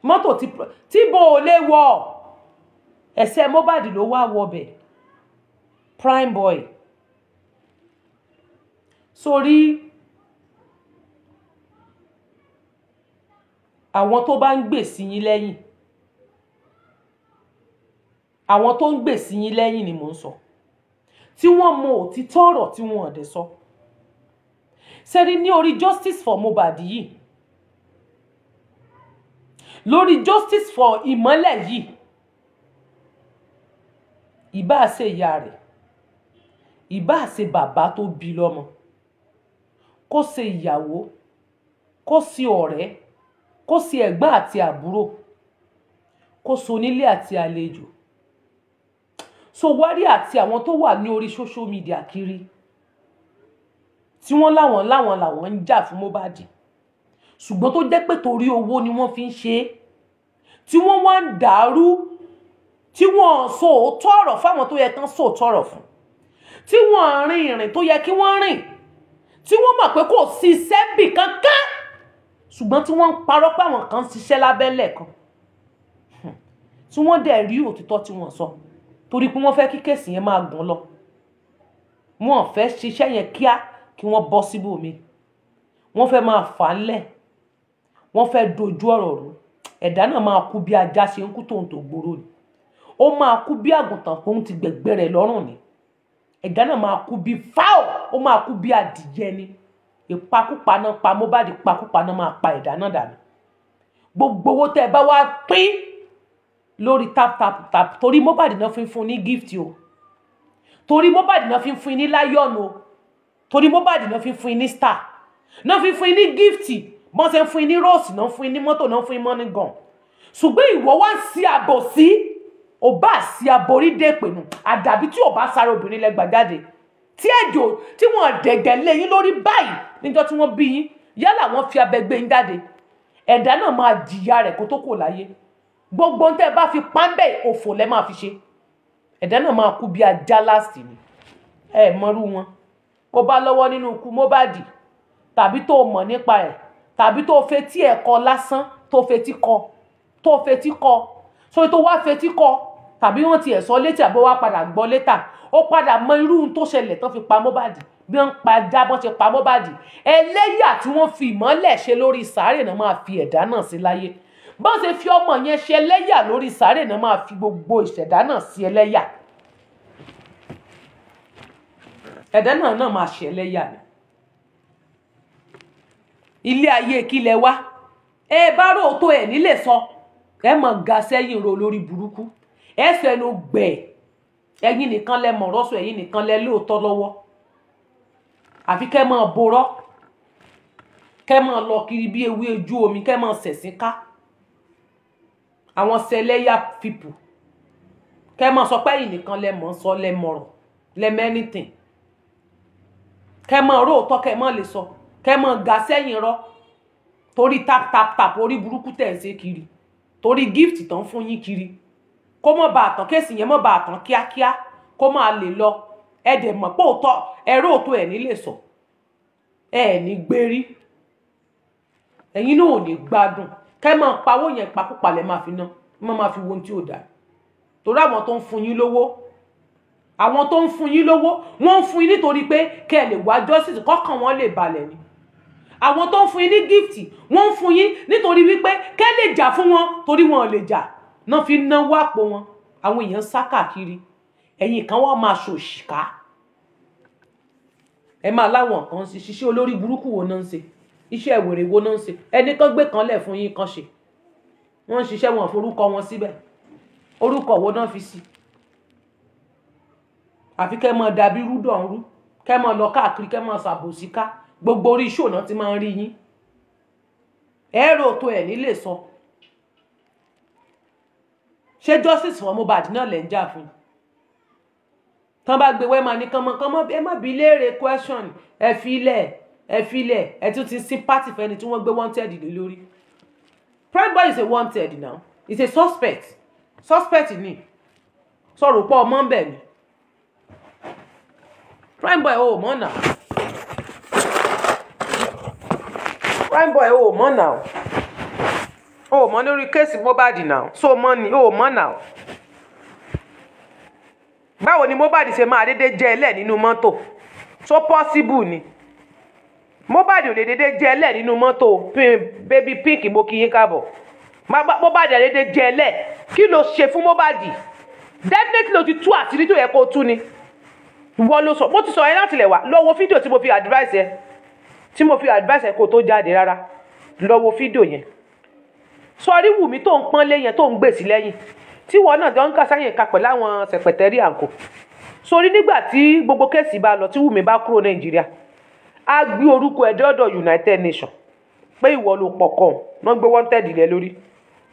mọ́tò tí bò ó lè wọ̀ ẹ̀sẹ̀ Mohbad ló wá wọbẹ̀ prime boy sórí àwọn tó bá ń gbè sí yín lẹ́yìn àwọn tó ń gbè sí yín lẹ́yìn ni mò ń sọ tí wọ́n mọ òtítọ́ ọ̀rọ̀ tí wọ́n ọ̀dẹ̀ sọ sẹ́ni ní orí justice for Mohbad yìí lórí justice for ìmọ́lẹ̀ yìí ìbáà ṣe ìyá rẹ̀ ìbáà ṣe bàbá tó bí lọ́mọ kó ṣe ìyàwó kó ṣe ọ̀rẹ́ kó ṣe ẹ̀gbọ́n àti àbúrò kó ṣe onílé àti àlejò so wárí àti àwọn tó wà ní orí social media kiri tí wọ́n láwọn láwọn làwọn ń jà fún Mohbad ṣùgbọ́n tó jẹ́ pé torí owó ni wọ́n fi ń ṣe é tí wọ́n wá ń dàrú tí wọ́n sọ òótọ́ ọ̀rọ̀ fáwọn tó yẹ kán sọ òótọ́ ọ̀rọ̀ fún tí wọ́n rìn ìrìn tó yẹ kí wọ́n rìn tí wọ́n mọ̀ pé kò sí iṣẹ́ bì kankan ṣùgbọ́n tí wọ́n ń parọ́ pé àwọn kan ń ṣiṣẹ́ lábẹ́lẹ̀ kan hmm. tí wọ́n dẹ̀ rí òtítọ́ tí wọ́n sọ torí pé wọ́n fẹ́ kí kẹ̀sì yẹn máa gùn lọ wọ́n fẹ́ ṣiṣẹ́ yẹn kíá kí wọ́n bọ́ síbòmí wọ́n fẹ́ máa fà á lẹ̀ wọ́n fẹ́ dojú ọ̀rọ̀ rú ẹ̀dá náà máa kú bí ajá ṣe ń kú tóun tó gbóró ni ó máa kú bí àgùntàn òun ti gbẹ̀gbẹ́ rẹ̀ lọ́rùn ni ẹ̀dá náà máa kú bí fáwọ̀ ó máa kú bí adìyẹ ni ìpakúpa náà pa Mohbad ìpakúpa náà máa pa ẹ̀dá náà dànù gbogbo owó tẹ́ ẹ bá wá pín lórí tap tap tap torí Mohbad náà fi ń fún ní gift o torí Mohbad náà fi ń fún ní lion o torí Mohbad náà fi ń fún ní star náà fi ń fún ní gift bọ́n ṣe ń fún yín ní róòsì náà fún yín ní mọ́tò náà fún yín mọ́nì gan ṣùgbọ́n ìwọ wá sí abò sí ò bá sí aborí dé ìpinnu àdàbí tí ò bá sára obìnrin lẹ́gbàá jáde tí ẹ̀jọ̀ tí wọ́n dẹ̀gẹ̀ lé yín lórí báyìí níjọ́ tí wọ́n bí yín yálà wọ́n fi abẹ gbé yín jáde ẹ̀dá náà máa jìyà rẹ̀ kó tó kò láyé gbogbo ohun tẹ́ ẹ bá fi pánbẹ́ òfò lẹ́ máa fi ṣe ẹ̀dá náà máa kú bí ajá láàsì ni ẹ mọrú wọn kó bá lọ́wọ́ nínú ikú Mohbad tàbí tó mọ̀ nípa ẹ̀ tàbí tó fetí ẹ̀ kọ lásán tó fetí kọ tó fetí kọ sórí tó wá fetí kọ tàbí wọ́n ti ẹ̀ sọ létí àbí wọ́n padà gbọ́ létà ó padà mọ irú ohun tó ṣẹlẹ̀ tán fi pa Mohbad bí wọ́n pa jábọ́ ṣe pa Mohbad ẹlẹ́yà tí wọ́n fi ìmọ́lẹ̀ ṣe lórí sàárè náà máa fi ẹ̀dá náà sí láyé bọ́n ṣe fi ọmọ yẹn ṣe ẹlẹ́yà lórí sàárè náà máa fi gbogbo ìṣẹ̀dá náà sí ẹlẹ́yà ẹ̀dá náà náà máa ṣe ẹlẹ́yà ni ilé ayé kílẹ̀ wá ẹ bá róòtó ẹ̀ nílé sọ ẹ mọ̀ ga sẹ́yìn ro lórí burúkú ẹ fẹnu gbẹ̀ ẹ̀yin nìkan lẹ mọ̀ rọ́sọ ẹ̀yin nìkan lẹ lóòótọ́ lọ́wọ́ àfi kẹ́ mọ̀ borọ́ kẹ́ mọ̀ lọ kiri bí ewé ojú omi kẹ́ mọ̀ sẹ̀sìn ká àwọn sẹlẹ́yà pipu kẹ́ mọ̀ sọ pé ẹ̀yin nìkan lẹ mọ̀ sọ lẹ mọ̀rọ̀ lẹ mẹ́nìtìn kẹ́ mọ̀ róòótọ́ kẹ́ mọ̀ lè sọ. So kẹ́ mọ̀ ga sẹ́yìn rọ torí tap tap tap orí burúkú tẹ̀ ń ṣe kiri torí gift tán fún yín kiri kó mọ̀ bá àtàn kéèsì yẹn mọ̀ bá àtàn kíákíá kó máa lè lọ ẹ dẹ̀ mọ̀ pé òótọ́ ẹ̀rọ òótọ́ ẹ̀ ní lè sọ ẹ̀ ní gbérí ẹ̀yin náà ò ní gbádùn kẹ́ máa pawó yẹn pakúpalẹ̀ máa fi ná má máa fi wo ohun tí ò dá torí àwọn tó ń fún yín lówó àwọn tó ń fún yín lówó wọ́n ń fún yín nítorí pé kẹ́ ẹ lè wá justice kọ́kàn wọn lè balẹ̀ ni àwọn tó ń fún yín ní gift wọ́n ń fún yín nítorí wípé kẹ́ lè jà fún wọn torí wọn ò lè jà náà fi náwó àpò wọn àwọn èèyàn sá káàkiri ẹ̀yin kan wá máa ṣòṣìkà ẹ máa láwọn kan ṣe ṣiṣẹ́ olórí burúkú wo náà ń ṣe iṣẹ́ ìwèrè wo náà ń ṣe ẹni kan gbé kan lẹ̀ fún yín kan ṣe wọ́n ń ṣiṣẹ́ wọn forúkọ wọn síbẹ̀ orúkọ wo náà fi sí àfi kẹ́ mọ dàbí rúdọ̀ ń rú kẹ́ mọ lọ káàkiri kẹ́ mọ ṣàbòsí gbogbo orí iṣẹ́ òná ti máa ń rí yín ẹ̀rọ tó ẹ̀ nílé sọ ṣé justice wọn Mohbad náà lẹ́ ń jà fún tán bá gbé wẹ́ẹ́mà ní kánmọ́ kánmọ́ ẹ má bi léèrè question ẹ fi ilẹ̀ ẹ fi ilẹ̀ ẹ tún ti sí party fẹ́ni tí wọ́n gbé wanted lé lórí Primeboy is a wanted now is a suspect suspect ni sọ̀rọ̀ pọ̀ ọmọ ń bẹ̀ ni boy ò mọ̀ náà. prime boy oh mọ̀ now. Oh mọ̀ lórí kéèsì Mohbad now. so mọ̀ ni o mọ̀ náà báwo ni Mohbad ṣe máa dédé jẹ́ ẹlẹ́ nínú mọ́tò so possible ni Mohbad ò lè dédé jẹ́ ẹlẹ́ nínú mọ́tò baby pink mo kí yín káàbọ̀ Mohbad o lè dédé jẹ́ ẹlẹ́ kí ló ṣe fún Mohbad definitely ló ti tú àtìrí tó yẹ kó tú ni wọ́n ló so mo ti sọ ẹ láti lẹ̀ wá lọ wo fídíò tí mo fi advise ẹ tí mo fi advice ẹ̀ kó tó jáde rárá lọ wo fídíò yẹn sọrí Wùmí tó ń pọ́nlé yẹn tó ń gbèsè lẹ́yìn tí wọn náà jọ ń kà sáyẹn kapẹ̀ láwọn sẹ̀pẹ̀tẹ́rì àǹkò sórí nígbà tí gbogbo kéèsì bá lọ tí Wùmí bá kúrò Nàìjíríà á gbé orúkọ ẹ̀dẹ́ ọ̀dọ̀ United Nations pé ìwọ ló pọ̀kọ̀ wọn gbé wanted lẹ lórí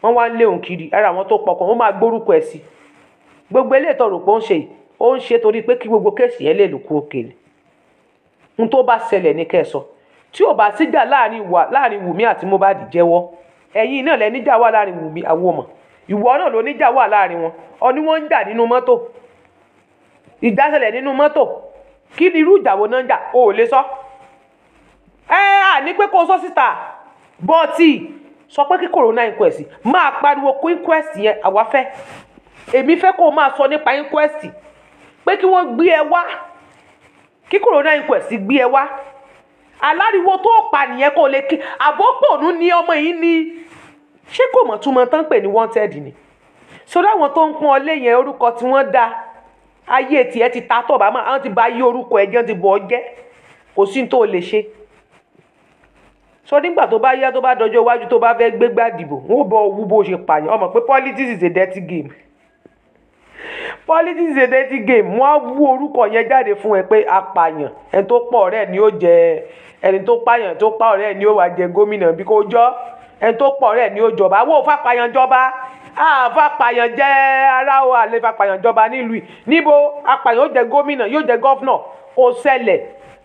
wọn wá ń lé òun kiri ara àwọn tó pọ̀kọ̀ wọn máa gbórúkọ ẹ̀ sí gbogbo eléyìí tó rò pé ó ń ṣe yìí ó ń ṣe torí pé kí gbogbo kéèsì yẹn lè lù kú òkèlè n tó bá ṣẹlẹ̀ ní kẹ́ sọ tí ò bá síjà láàrin wà láàrin wùmí àti Mohbad jẹ́wọ́ ẹ̀yin náà lẹ níjà wà láàrin wùmí àwọn ọmọ ìwọ náà ló níjà wà láàrin wọn ọ ni wọ́n ń jà nínú mọ́tò ìjà ṣẹlẹ̀ nínú mọ́tò kí ni irú ìjà wo náà ń jà o ò lè sọ ẹ à ní pé kó o sọ síta bọ́ọ̀tì sọ pé kí corona inquest máa pariwo kó inquest yẹn àwa fẹ́ èmi fẹ́ kó o máa sọ nípa inquest pé kí wọ́n gbé ẹ wá kí corona inquest gbé ẹ wá aláriwo tó pa nìyẹn kò lè kí àbópònú ni ọmọ yìí ni ṣé kò mọ̀ túmọ̀ tán pè ní wanted ni sórí àwọn tó ń pọ́n ọlé yẹn orúkọ tí wọ́n dá ayé tiẹ̀ ti ta tọ̀ bá àwọn ti ba ayé orúkọ ẹ̀ jẹ́ ti bọ̀ ọ́ jẹ́ kò sí tó lè ṣe sọ nígbà tó bá yá tó bá dọjọ́ iwájú tó bá fẹ́ gbégbá dìbò wọ́n bọ̀ wú bó ṣe pààyàn ọmọ pé politics is a dirty game politics is a dirty game wọ́n á wú orúkọ yẹn jáde fún ẹ pé apààyàn ẹni tó pa ọ̀rẹ́ ni ó jẹ ẹni tó pààyàn tó pa ọ̀rẹ́ ni ó wà jẹ gómìnà bí kò jọ ẹni tó pa ọ̀rẹ́ ni ó jọba àwọn òfàpàyàn jọba àfàpàyàn jẹ ara o àlè fàpàyàn jọba nílùú yìí níbo apàyàn yóò jẹ gómìnà yóò jẹ gọ́fúnà kò ṣẹlẹ̀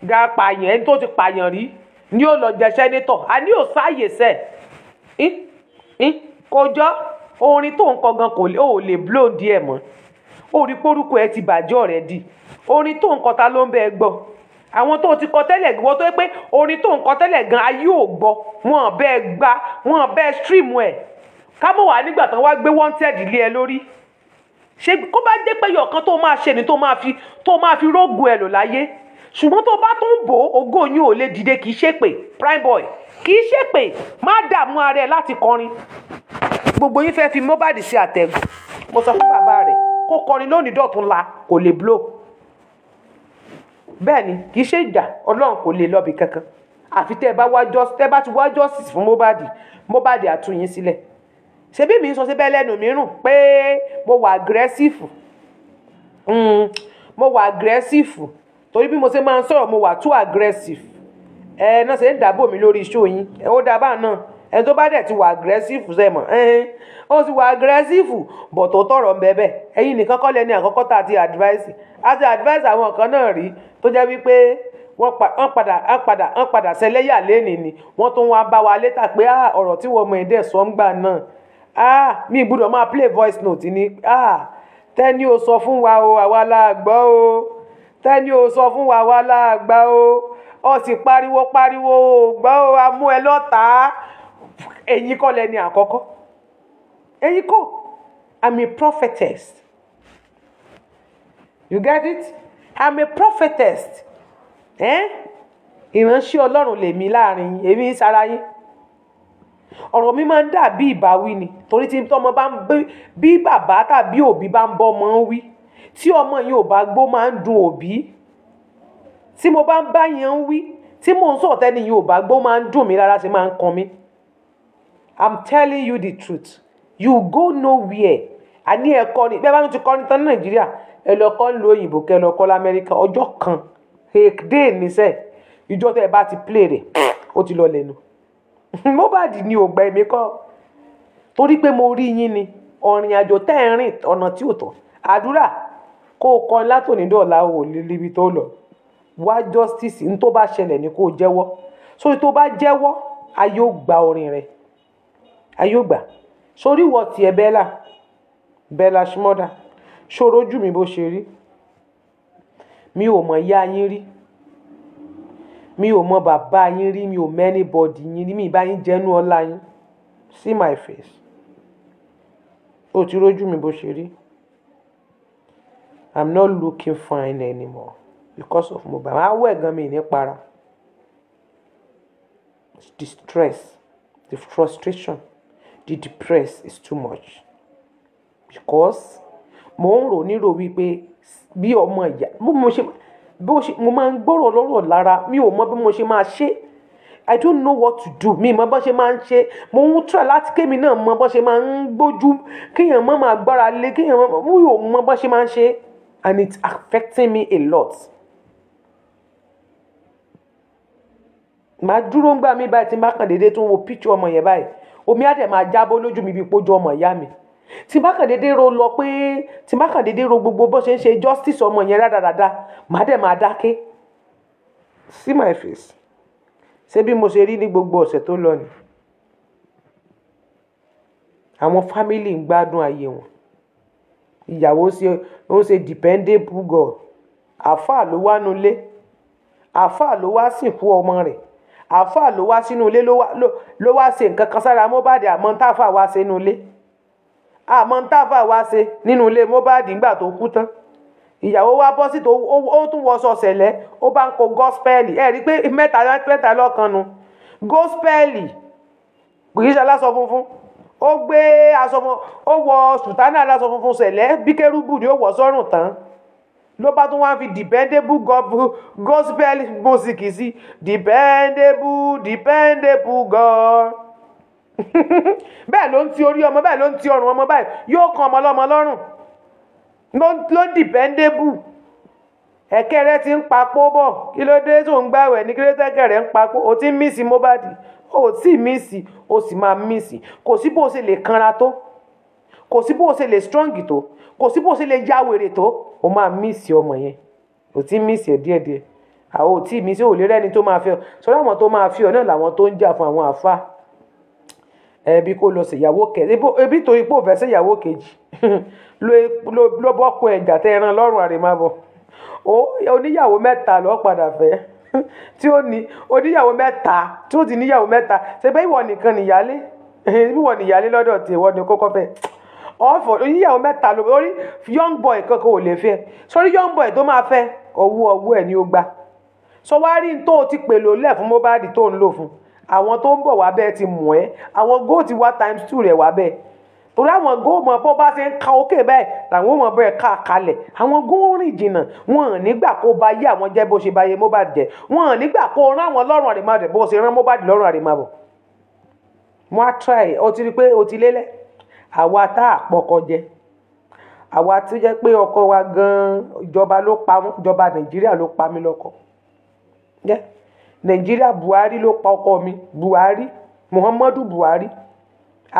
ga pààyàn ẹni tó ti pààyàn rí ni ó lọ jẹ sẹ́nitọ̀ àní ò sáàyè sẹ́ kò jọ orin tó ń kọ gan kò lè blow díẹ̀ mọ́ ó rí pórúkọ ẹ ti bàjẹ́ already orin tó ń kọ ta ló ń bẹ́ẹ̀ gbọ́ àwọn tó ti kọ tẹ́lẹ̀ gbọ́ tó pé orin tó ń kọ tẹ́lẹ̀ gan ayé ò gbọ́ wọn bẹ́ẹ̀ gbá wọn bẹ́ẹ̀ stream ẹ̀ kámọ̀ wá nígbà tán wá gbé wanted lé ẹ lórí ṣe kó bá jẹ́ pé yọ̀ọ̀kan tó máa ṣe ni tó máa fi tó máa fi rógun ẹ lò láyé ṣùgbọ́n tó bá tún bò ó ògo yín ò lè dìde kì í ṣépè prime boy kì í ṣépè má dààmú ara ẹ láti kọrin gbogbo yín fẹ́ fi Mohbad sí àtẹ̀gùn mo sọ fún bàbá rẹ̀ kó kọrin lónìí dọ̀tún la kò lè blow bẹ́ẹ̀ ni kì í ṣe ìjà ọlọ́run kò lè lọ́bì kankan àfi tẹ́ ẹ bá wá jọ́ tẹ́ bá ti wá jọ́ sí fún Mohbad Mohbad àtúnyìn sílẹ̀ ṣebí mi ń sọ síbẹ̀ lẹ́nu mìíràn pé mo wà aggressive hmm, mo wà aggressive torí bí mo ṣe máa ń sọ̀rọ̀ mo wà too aggressive ẹ náà ṣe ń dàbò mi lórí iṣó yín ó dábàá náà ẹ tó bá dẹ̀ ti wà aggressive sẹ́mọ̀ ẹ̀hìn ó ti wà aggressive bọ̀ tó tọ̀rọ̀ ń bẹ́bẹ̀ ẹ̀yin nìkan kọ́ lẹ́ni àkọ́kọ́ tá a ti advice a ti advice àwọn kan náà rí tó jẹ́ wípé wọ́n padà wọ́n padà wọ́n padà sẹ́lẹ́yà lẹ́nìí ni wọ́n tún wá bá wa létà pé ọ̀rọ̀ tí wọ́n mọ̀ ẹ́ dẹ̀ sọ ń gbà náà ah mi gbúdọ̀ máa play voice note ni ah tẹ́ni o sọ fún wa o àwa la gbọ́ o tẹ́ni o sọ fún wa àwa la gbà o ó sì pariwo pariwo o gbọ́ o a ẹ lọ́tàá ẹ̀yin kọ́ lẹni àkọ́kọ́ ẹ̀yin kọ́ i'm a prophetess you get it i'm a prophetess ìránṣẹ́ ọlọ́run lèmi láàrin yín èmi ń sara yín ọ̀rọ̀ mi máa ń dà bí ìbáwí ni torí tí ọmọ bá ń bí bàbá tàbí òbí bá ń bọ́ ọmọ ń wí tí ọmọ yìí ò bá gbọ́ máa ń dùn òbí tí mo bá ń bá yẹn ń wí tí mò ń sọ̀tẹ́ nìyí ò bá gbọ́ máa ń dùn mí rárá sí máa ń kan mí i'm telling you the truth you go nowhere àní ẹ̀kọ́ ni bẹ́ẹ̀ bá tún ti kọ́ ní tán ní nàìjíríà ẹ lọ kọ́ ń lo òyìnbó kẹ́ ẹ lọ kọ́ lamẹ́ríkà ọjọ́ kan èdè níṣẹ́ ìjọ tẹ́ ẹ bá ti play rẹ̀ ó ti lọ lẹ́nu Mohbad ni ò gba èmi kọ́ torí pé mo rí yín ni ọ̀rìn àjò tẹ́ ẹ rìn ọ̀nà tí ò tọ̀ àdúrà kó o kọ́ látòní dọ̀la ò lè libi tó lọ wá justice ní tó bá ṣẹlẹ̀ ni kó o jẹ́wọ́ sórí tó bá jẹ́wọ́ ayé ó gba orin rẹ̀ ayé ògbà sórí ìwọ tiẹ̀ bẹ́là bẹ́là ṣmọ́dà ṣòro ojú mi bó ṣe rí mi ò mọ̀ ìyá yín rí mi ò mọ̀ bàbá yín rí mi ò mẹ́ni bọ̀dì yín rí mi ìbá yín jẹ́nu ọlá yín see my face ó ti rójú mi bó ṣe rí i'm not looking fine anymore because of Mohbad máa wẹ̀ gan mi ní para the stress the frustration the depressed is too much because mo ń rò nírò wípé bí ọmọ ìyá bí mo ṣe bí mo ṣe mo máa ń gbọ́rọ̀ lọ́rọ̀ lára mi ò mọ bí mo ṣe máa ṣe i don't know what to do mi mọ bó ṣe máa ń ṣe mo ń try láti kémi náà mọ bó ṣe máa ń gbójú kéèyàn mọ máa gbára lé kéèyàn mọ mi ò mọ bó ṣe máa ń ṣe and it's affecting me a lot. màá dúró ń gbà mí báyìí tí n bá kàn déédéé tó ń wo picture ọmọ yẹn báyìí omi á dẹ̀ máa jábọ́ lójú mi bí pójú ọmọ ìyá mi tí bá kàn ro lọ pé tí bá kàn déédéé ro gbogbo bó ṣe ń ṣe justice ọmọ yẹn rádaràda màá dẹ̀ máa dáké see my face ṣé bí mo ṣe rí ní gbogbo ọ̀sẹ̀ tó lọ ni àwọn fámìlì ń gbádùn ayé wọn ìyàwó ń ṣe dependable girl àáfàá ló wá nulẹ̀ àáfàá ló wá sìnkú ọmọ rẹ̀ àáfàá ló wá sínú ilé ló wá ṣe nǹkan kan sára Mohbad àmọ́ wá ṣe nínú ilé àmọ́ wá nínú ilé Mohbad wa bọ́ sí tó ó tún wọ ṣẹlẹ̀ ó bá ń kó gọ́spẹ́ẹ̀lì ẹ̀ rí i pé mẹ́ta mẹ́ta lọ́kan nu gọ́spẹ́ẹ̀lì funfun ó gbé aṣọ ó wọ ló bá tún wá fi dependable gospel music sí dependable dependable God bẹ́ẹ̀ ló ń ti orí ọmọ bẹ́ẹ̀ ló ń ti ọrùn ọmọ báyìí yóò kan ọmọ lọ́mọ lọ́rùn ló ń dependable ẹ̀kẹ́ rẹ ti ń papò bọ̀ kí ló dé tó ń gbàwẹ̀ ní kí ló tẹ́kẹ̀ rẹ ń papò o ti ń mísì Mohbad o ti mísì o sì máa mísì kò sí bó o ṣe lè kanra tó kò sí bó o ṣe lè strong tó kò sí bó o ṣe lè ya tó ó máa mísì ọmọ yẹn ò tí mísì ẹ̀ díẹ̀díẹ̀ àwọn ò tí mísì ò lè rẹ́ni tó máa fẹ́ ọ sọ́dọ̀ àwọn tó máa fẹ́ ọ náà làwọn tó ń jà fún àwọn àfa ẹbí kó lọ ṣèyàwó kẹjì ebi torí pé òfẹ́ ṣèyàwó kejì ló bọ́kọ ẹ̀jà tẹ́ ẹran lọ́rùn àrèmábọ̀ oníyàwó mẹ́ta ló padà fẹ́ tí ó ní oníyàwó mẹ́ta tí ó ti níyàwó mẹ́ta ṣe bẹ́ẹ̀ ìwọ nìkan nìyálé ìwọ nìyálé lọ́dọ̀ tí ìwọ ni kókó fẹ́ ọ̀fọ̀ oníyàwó mẹ́ta ló orí young boy kankan ò lè fẹ́ sórí young boy tó máa fẹ́ ọwọ́ ọwọ́ ẹ̀ ni ó gbà sọ wá rí tó o ti pèlò lẹ̀ fún Mohbad tó ń lò fún àwọn tó ń bọ̀ wá bẹ́ẹ̀ ti mọ̀ ẹ́ àwọn góò ti wá times two rẹ̀ wá bẹ́ẹ̀ torí àwọn góò mọ̀ bó bá ṣe ń ka òkè báyìí làwọn ò mọ̀ bẹ́ẹ̀ ká kalẹ̀ àwọn góò rìn jìnnà wọn ò nígbà kó ba yé àwọn jẹ́ bó ṣe ba yé Mohbad jẹ́ wọn ò nígbà kó rán àwọn lọ́rùn àrèmabọ̀ bó ṣe rán Mohbad lọ́rùn àrèmabọ̀ wọn á try ọ ti rí i pé o ti lélẹ̀ àwa tá à pọkọ jẹ àwa tí ó jẹ́ pé ọkọ wa gan-an ìjọba ló pa mí ìjọba nàìjíríà ló pa mí lọ́kọ jẹ́ nàìjíríà buhari ló pa ọkọ mi buhari muhammadu buhari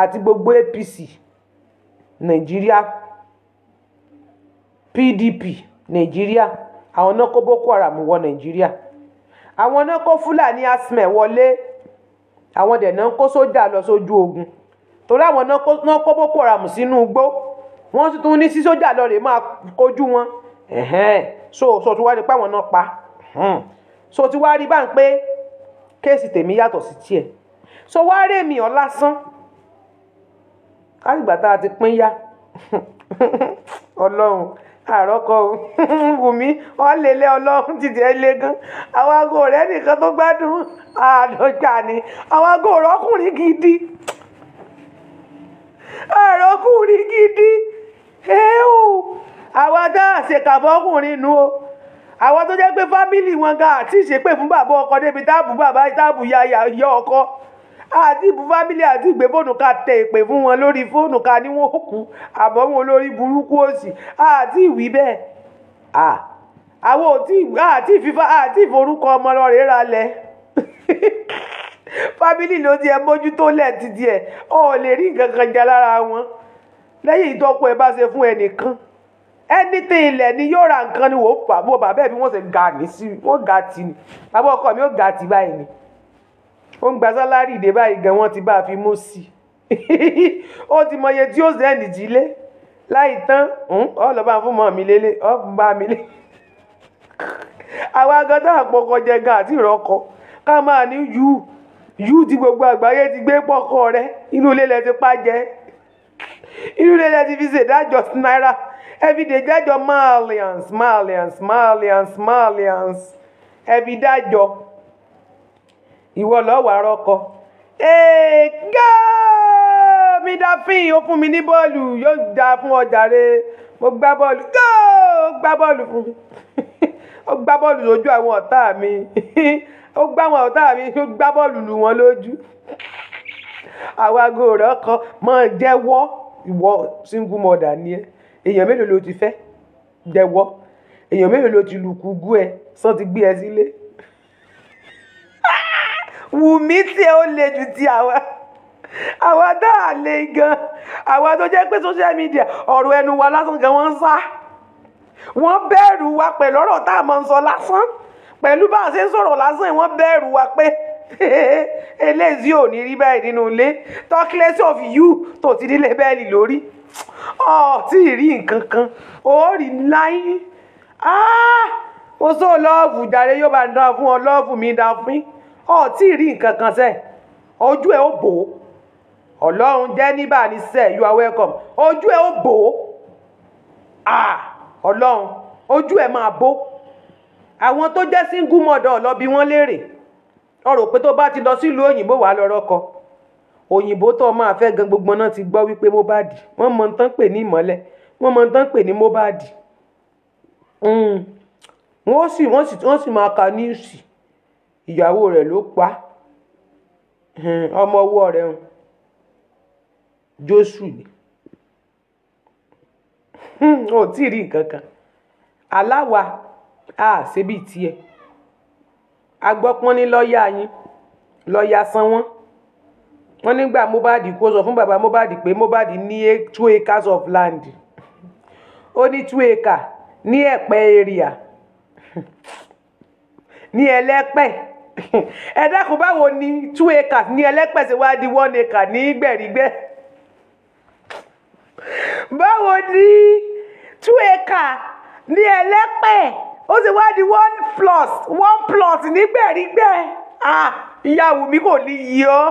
àti gbogbo apc nàìjíríà pdp nàìjíríà àwọn náà kó boko haram wọ nàìjíríà àwọn náà kó fúlàní asmẹ wọlé àwọn dẹ̀ náà kó sójà lọ sójú ogun torí àwọn náà kó boko haram sínú igbó wọ́n tún ní sí sójà lọ rè máa kojú wọn so so tí wàá rí páwọn náà pa so tí wàá rí bá pé kéèsì tèmi yàtọ̀ sí tiẹ̀ so wàá rí èmi ọ̀ lásán láti ìgbà ti pín yá ọlọ́run àrọ́kọ wùmí ọ̀lẹ́lẹ́ ọlọ́run títí ẹ lé àwọn aago rẹ nìkan tó gbádùn àádọ́jà ni àwọn aago rẹ ọkùnrin gidi àròkùnrin gidi ẹ̀ẹ́ù àwa tá a ṣèkàbọ́kùnrin nu o àwa tó jẹ́ pé fámìlì wọn ga àti ìṣépè fún bàbá ọkọ débi táàbù bàbá táàbù ya yọ ọkọ àti ìbú fámìlì àti ìgbé fóònù ká tẹ ìpè fún wọn lórí fóònù ká ní wọn kú àbọ̀ wọn lórí burúkú òsì àti ìwí bẹ́ẹ̀ àwọn ò tí àti ìfífa àti ìforúkọ ọmọ lọ ra lẹ̀ fámìlì ló ti ẹ mójútó lẹ́ẹ̀tì díẹ̀ ọ ò lè rí nǹkan kan jẹ lára wọn lẹ́yìn ìtọ́kọ ẹ bá ṣe fún ẹnìkan ẹnìtẹ̀ ilẹ̀ ni yóò ra nǹkan ni wò ó fà bó bàbá ẹ̀ bí wọ́n ṣe ga ní sí wọ́n ga tì ní bàbá ọkọ mi ó ga tì báyìí ni ó ń gba sálárì ìdè báyìí gan wọ́n ti bá a fi mú sí i ó ti mọ iye tí ó ṣe ẹnì jílé láì tán ọ lọ bá fún mọ mi lélẹ̀ ọ bá mi lé àwọn agọdá àpọkọ jẹ gan àti ìrọkọ ká máa ní yúù yúù di gbogbo àgbáyé ti gbé pọ́kọ rẹ inú ilé lẹ ti pa jẹ inú ilé lẹ ti fi ṣèdájọ́ náírà everyday dájọ́ malians malians malians malians ẹbí dájọ́ ìwọ lọ́wọ́ àrọ́kọ. ẹ̀ẹ́gá mi dáfín ó fún mi ní bọ́ọ̀lù yóò dáa fún ọjà rẹ mo gbá bọ́ọ̀lù góò gbá bọ́ọ̀lù fún mi ó gbá bọ́ọ̀lù lójú àwọn ọ̀tá mi ó gbá wọn ọ̀tá mi ó gbá bọ́ọ̀lù lù wọ́n lójú àwọn aago rẹ̀ kan máa jẹ́wọ́ ìwọ single mother ni ẹ èèyàn mélòó ló ti fẹ́ jẹ́wọ́ èèyàn mélòó ló ti lùkú gú ẹ sọ ti gbé ẹ sílé wùmí tí ẹ ó le jù ti àwa àwa tá a le gan àwa tó jẹ́ pé social media ọ̀rọ̀ ẹnu wa lásán gan wọ́n sá wọ́n bẹ̀rù wa pẹ̀lú ọ̀rọ̀ tá a máa ń sọ lásán pẹ̀lú bá a ṣe ń sọ̀rọ̀ lásán wọ́n bẹ̀rù wa pé eléyìí ò ní rí báyìí nínú ilé talkless of you tó ti nílé bẹ́ẹ̀lì lórí ọ̀ tí ì rí nǹkan kan ó rí láyé ah! mo sọ lọ́ọ̀fù jàre yóò bá dán fún ọ lọ́ọ̀fù mi dán fún ọ tí ì rí nǹkan kan sẹ́ẹ̀ ojú ẹ̀ ó bò ó ọlọ́run jẹ́ níbà ní sẹ́ẹ̀ you are welcome ojú ẹ̀ ó bò ó ah! ọlọ́run ojú ẹ̀ máa bò ó àwọn tó jẹ́ single mother lọ bí wọ́n léèrè ó rò pé tó bá ti lọ sílùú òyìnbó wàá lọ rọ́kọ òyìnbó tó máa fẹ́ gan gbogbo náà ti gbọ́ wípé Mohbad wọ́n mọ̀ tán pè ní ìmọ́lẹ̀ wọ́n mọ̀ tán pè ní Mohbad hmm. wọ́n sì wọ́n sì wọ́n sì máa ka níìsì ìyàwó rẹ̀ ló pa hmm, ọmọ ọwọ́ rẹ̀ ń Jóṣù ni hmm, ò tí ì rí nǹkan kan aláwa a sebi tiẹ̀ ní lọ́ọ̀yà yín lọ́ọ̀yà san wọ́n wọ́n nígbà Mohbad kó sọ fún bàbá Mohbad pé Mohbad ní two acres of land ó ní two acre ní ẹ̀pẹ́ area ní ẹlẹ́pẹ́ ẹ báwo ni two acres ní ẹlẹ́pẹ́ ṣe wá di one acre ní gbẹ̀rígbẹ́ báwo ni two acre ní ẹlẹ́pẹ́. ó ti wá di one plus one plus nígbẹ̀rígbẹ̀ ah ìyá Wùmí kò ní yí ọ́.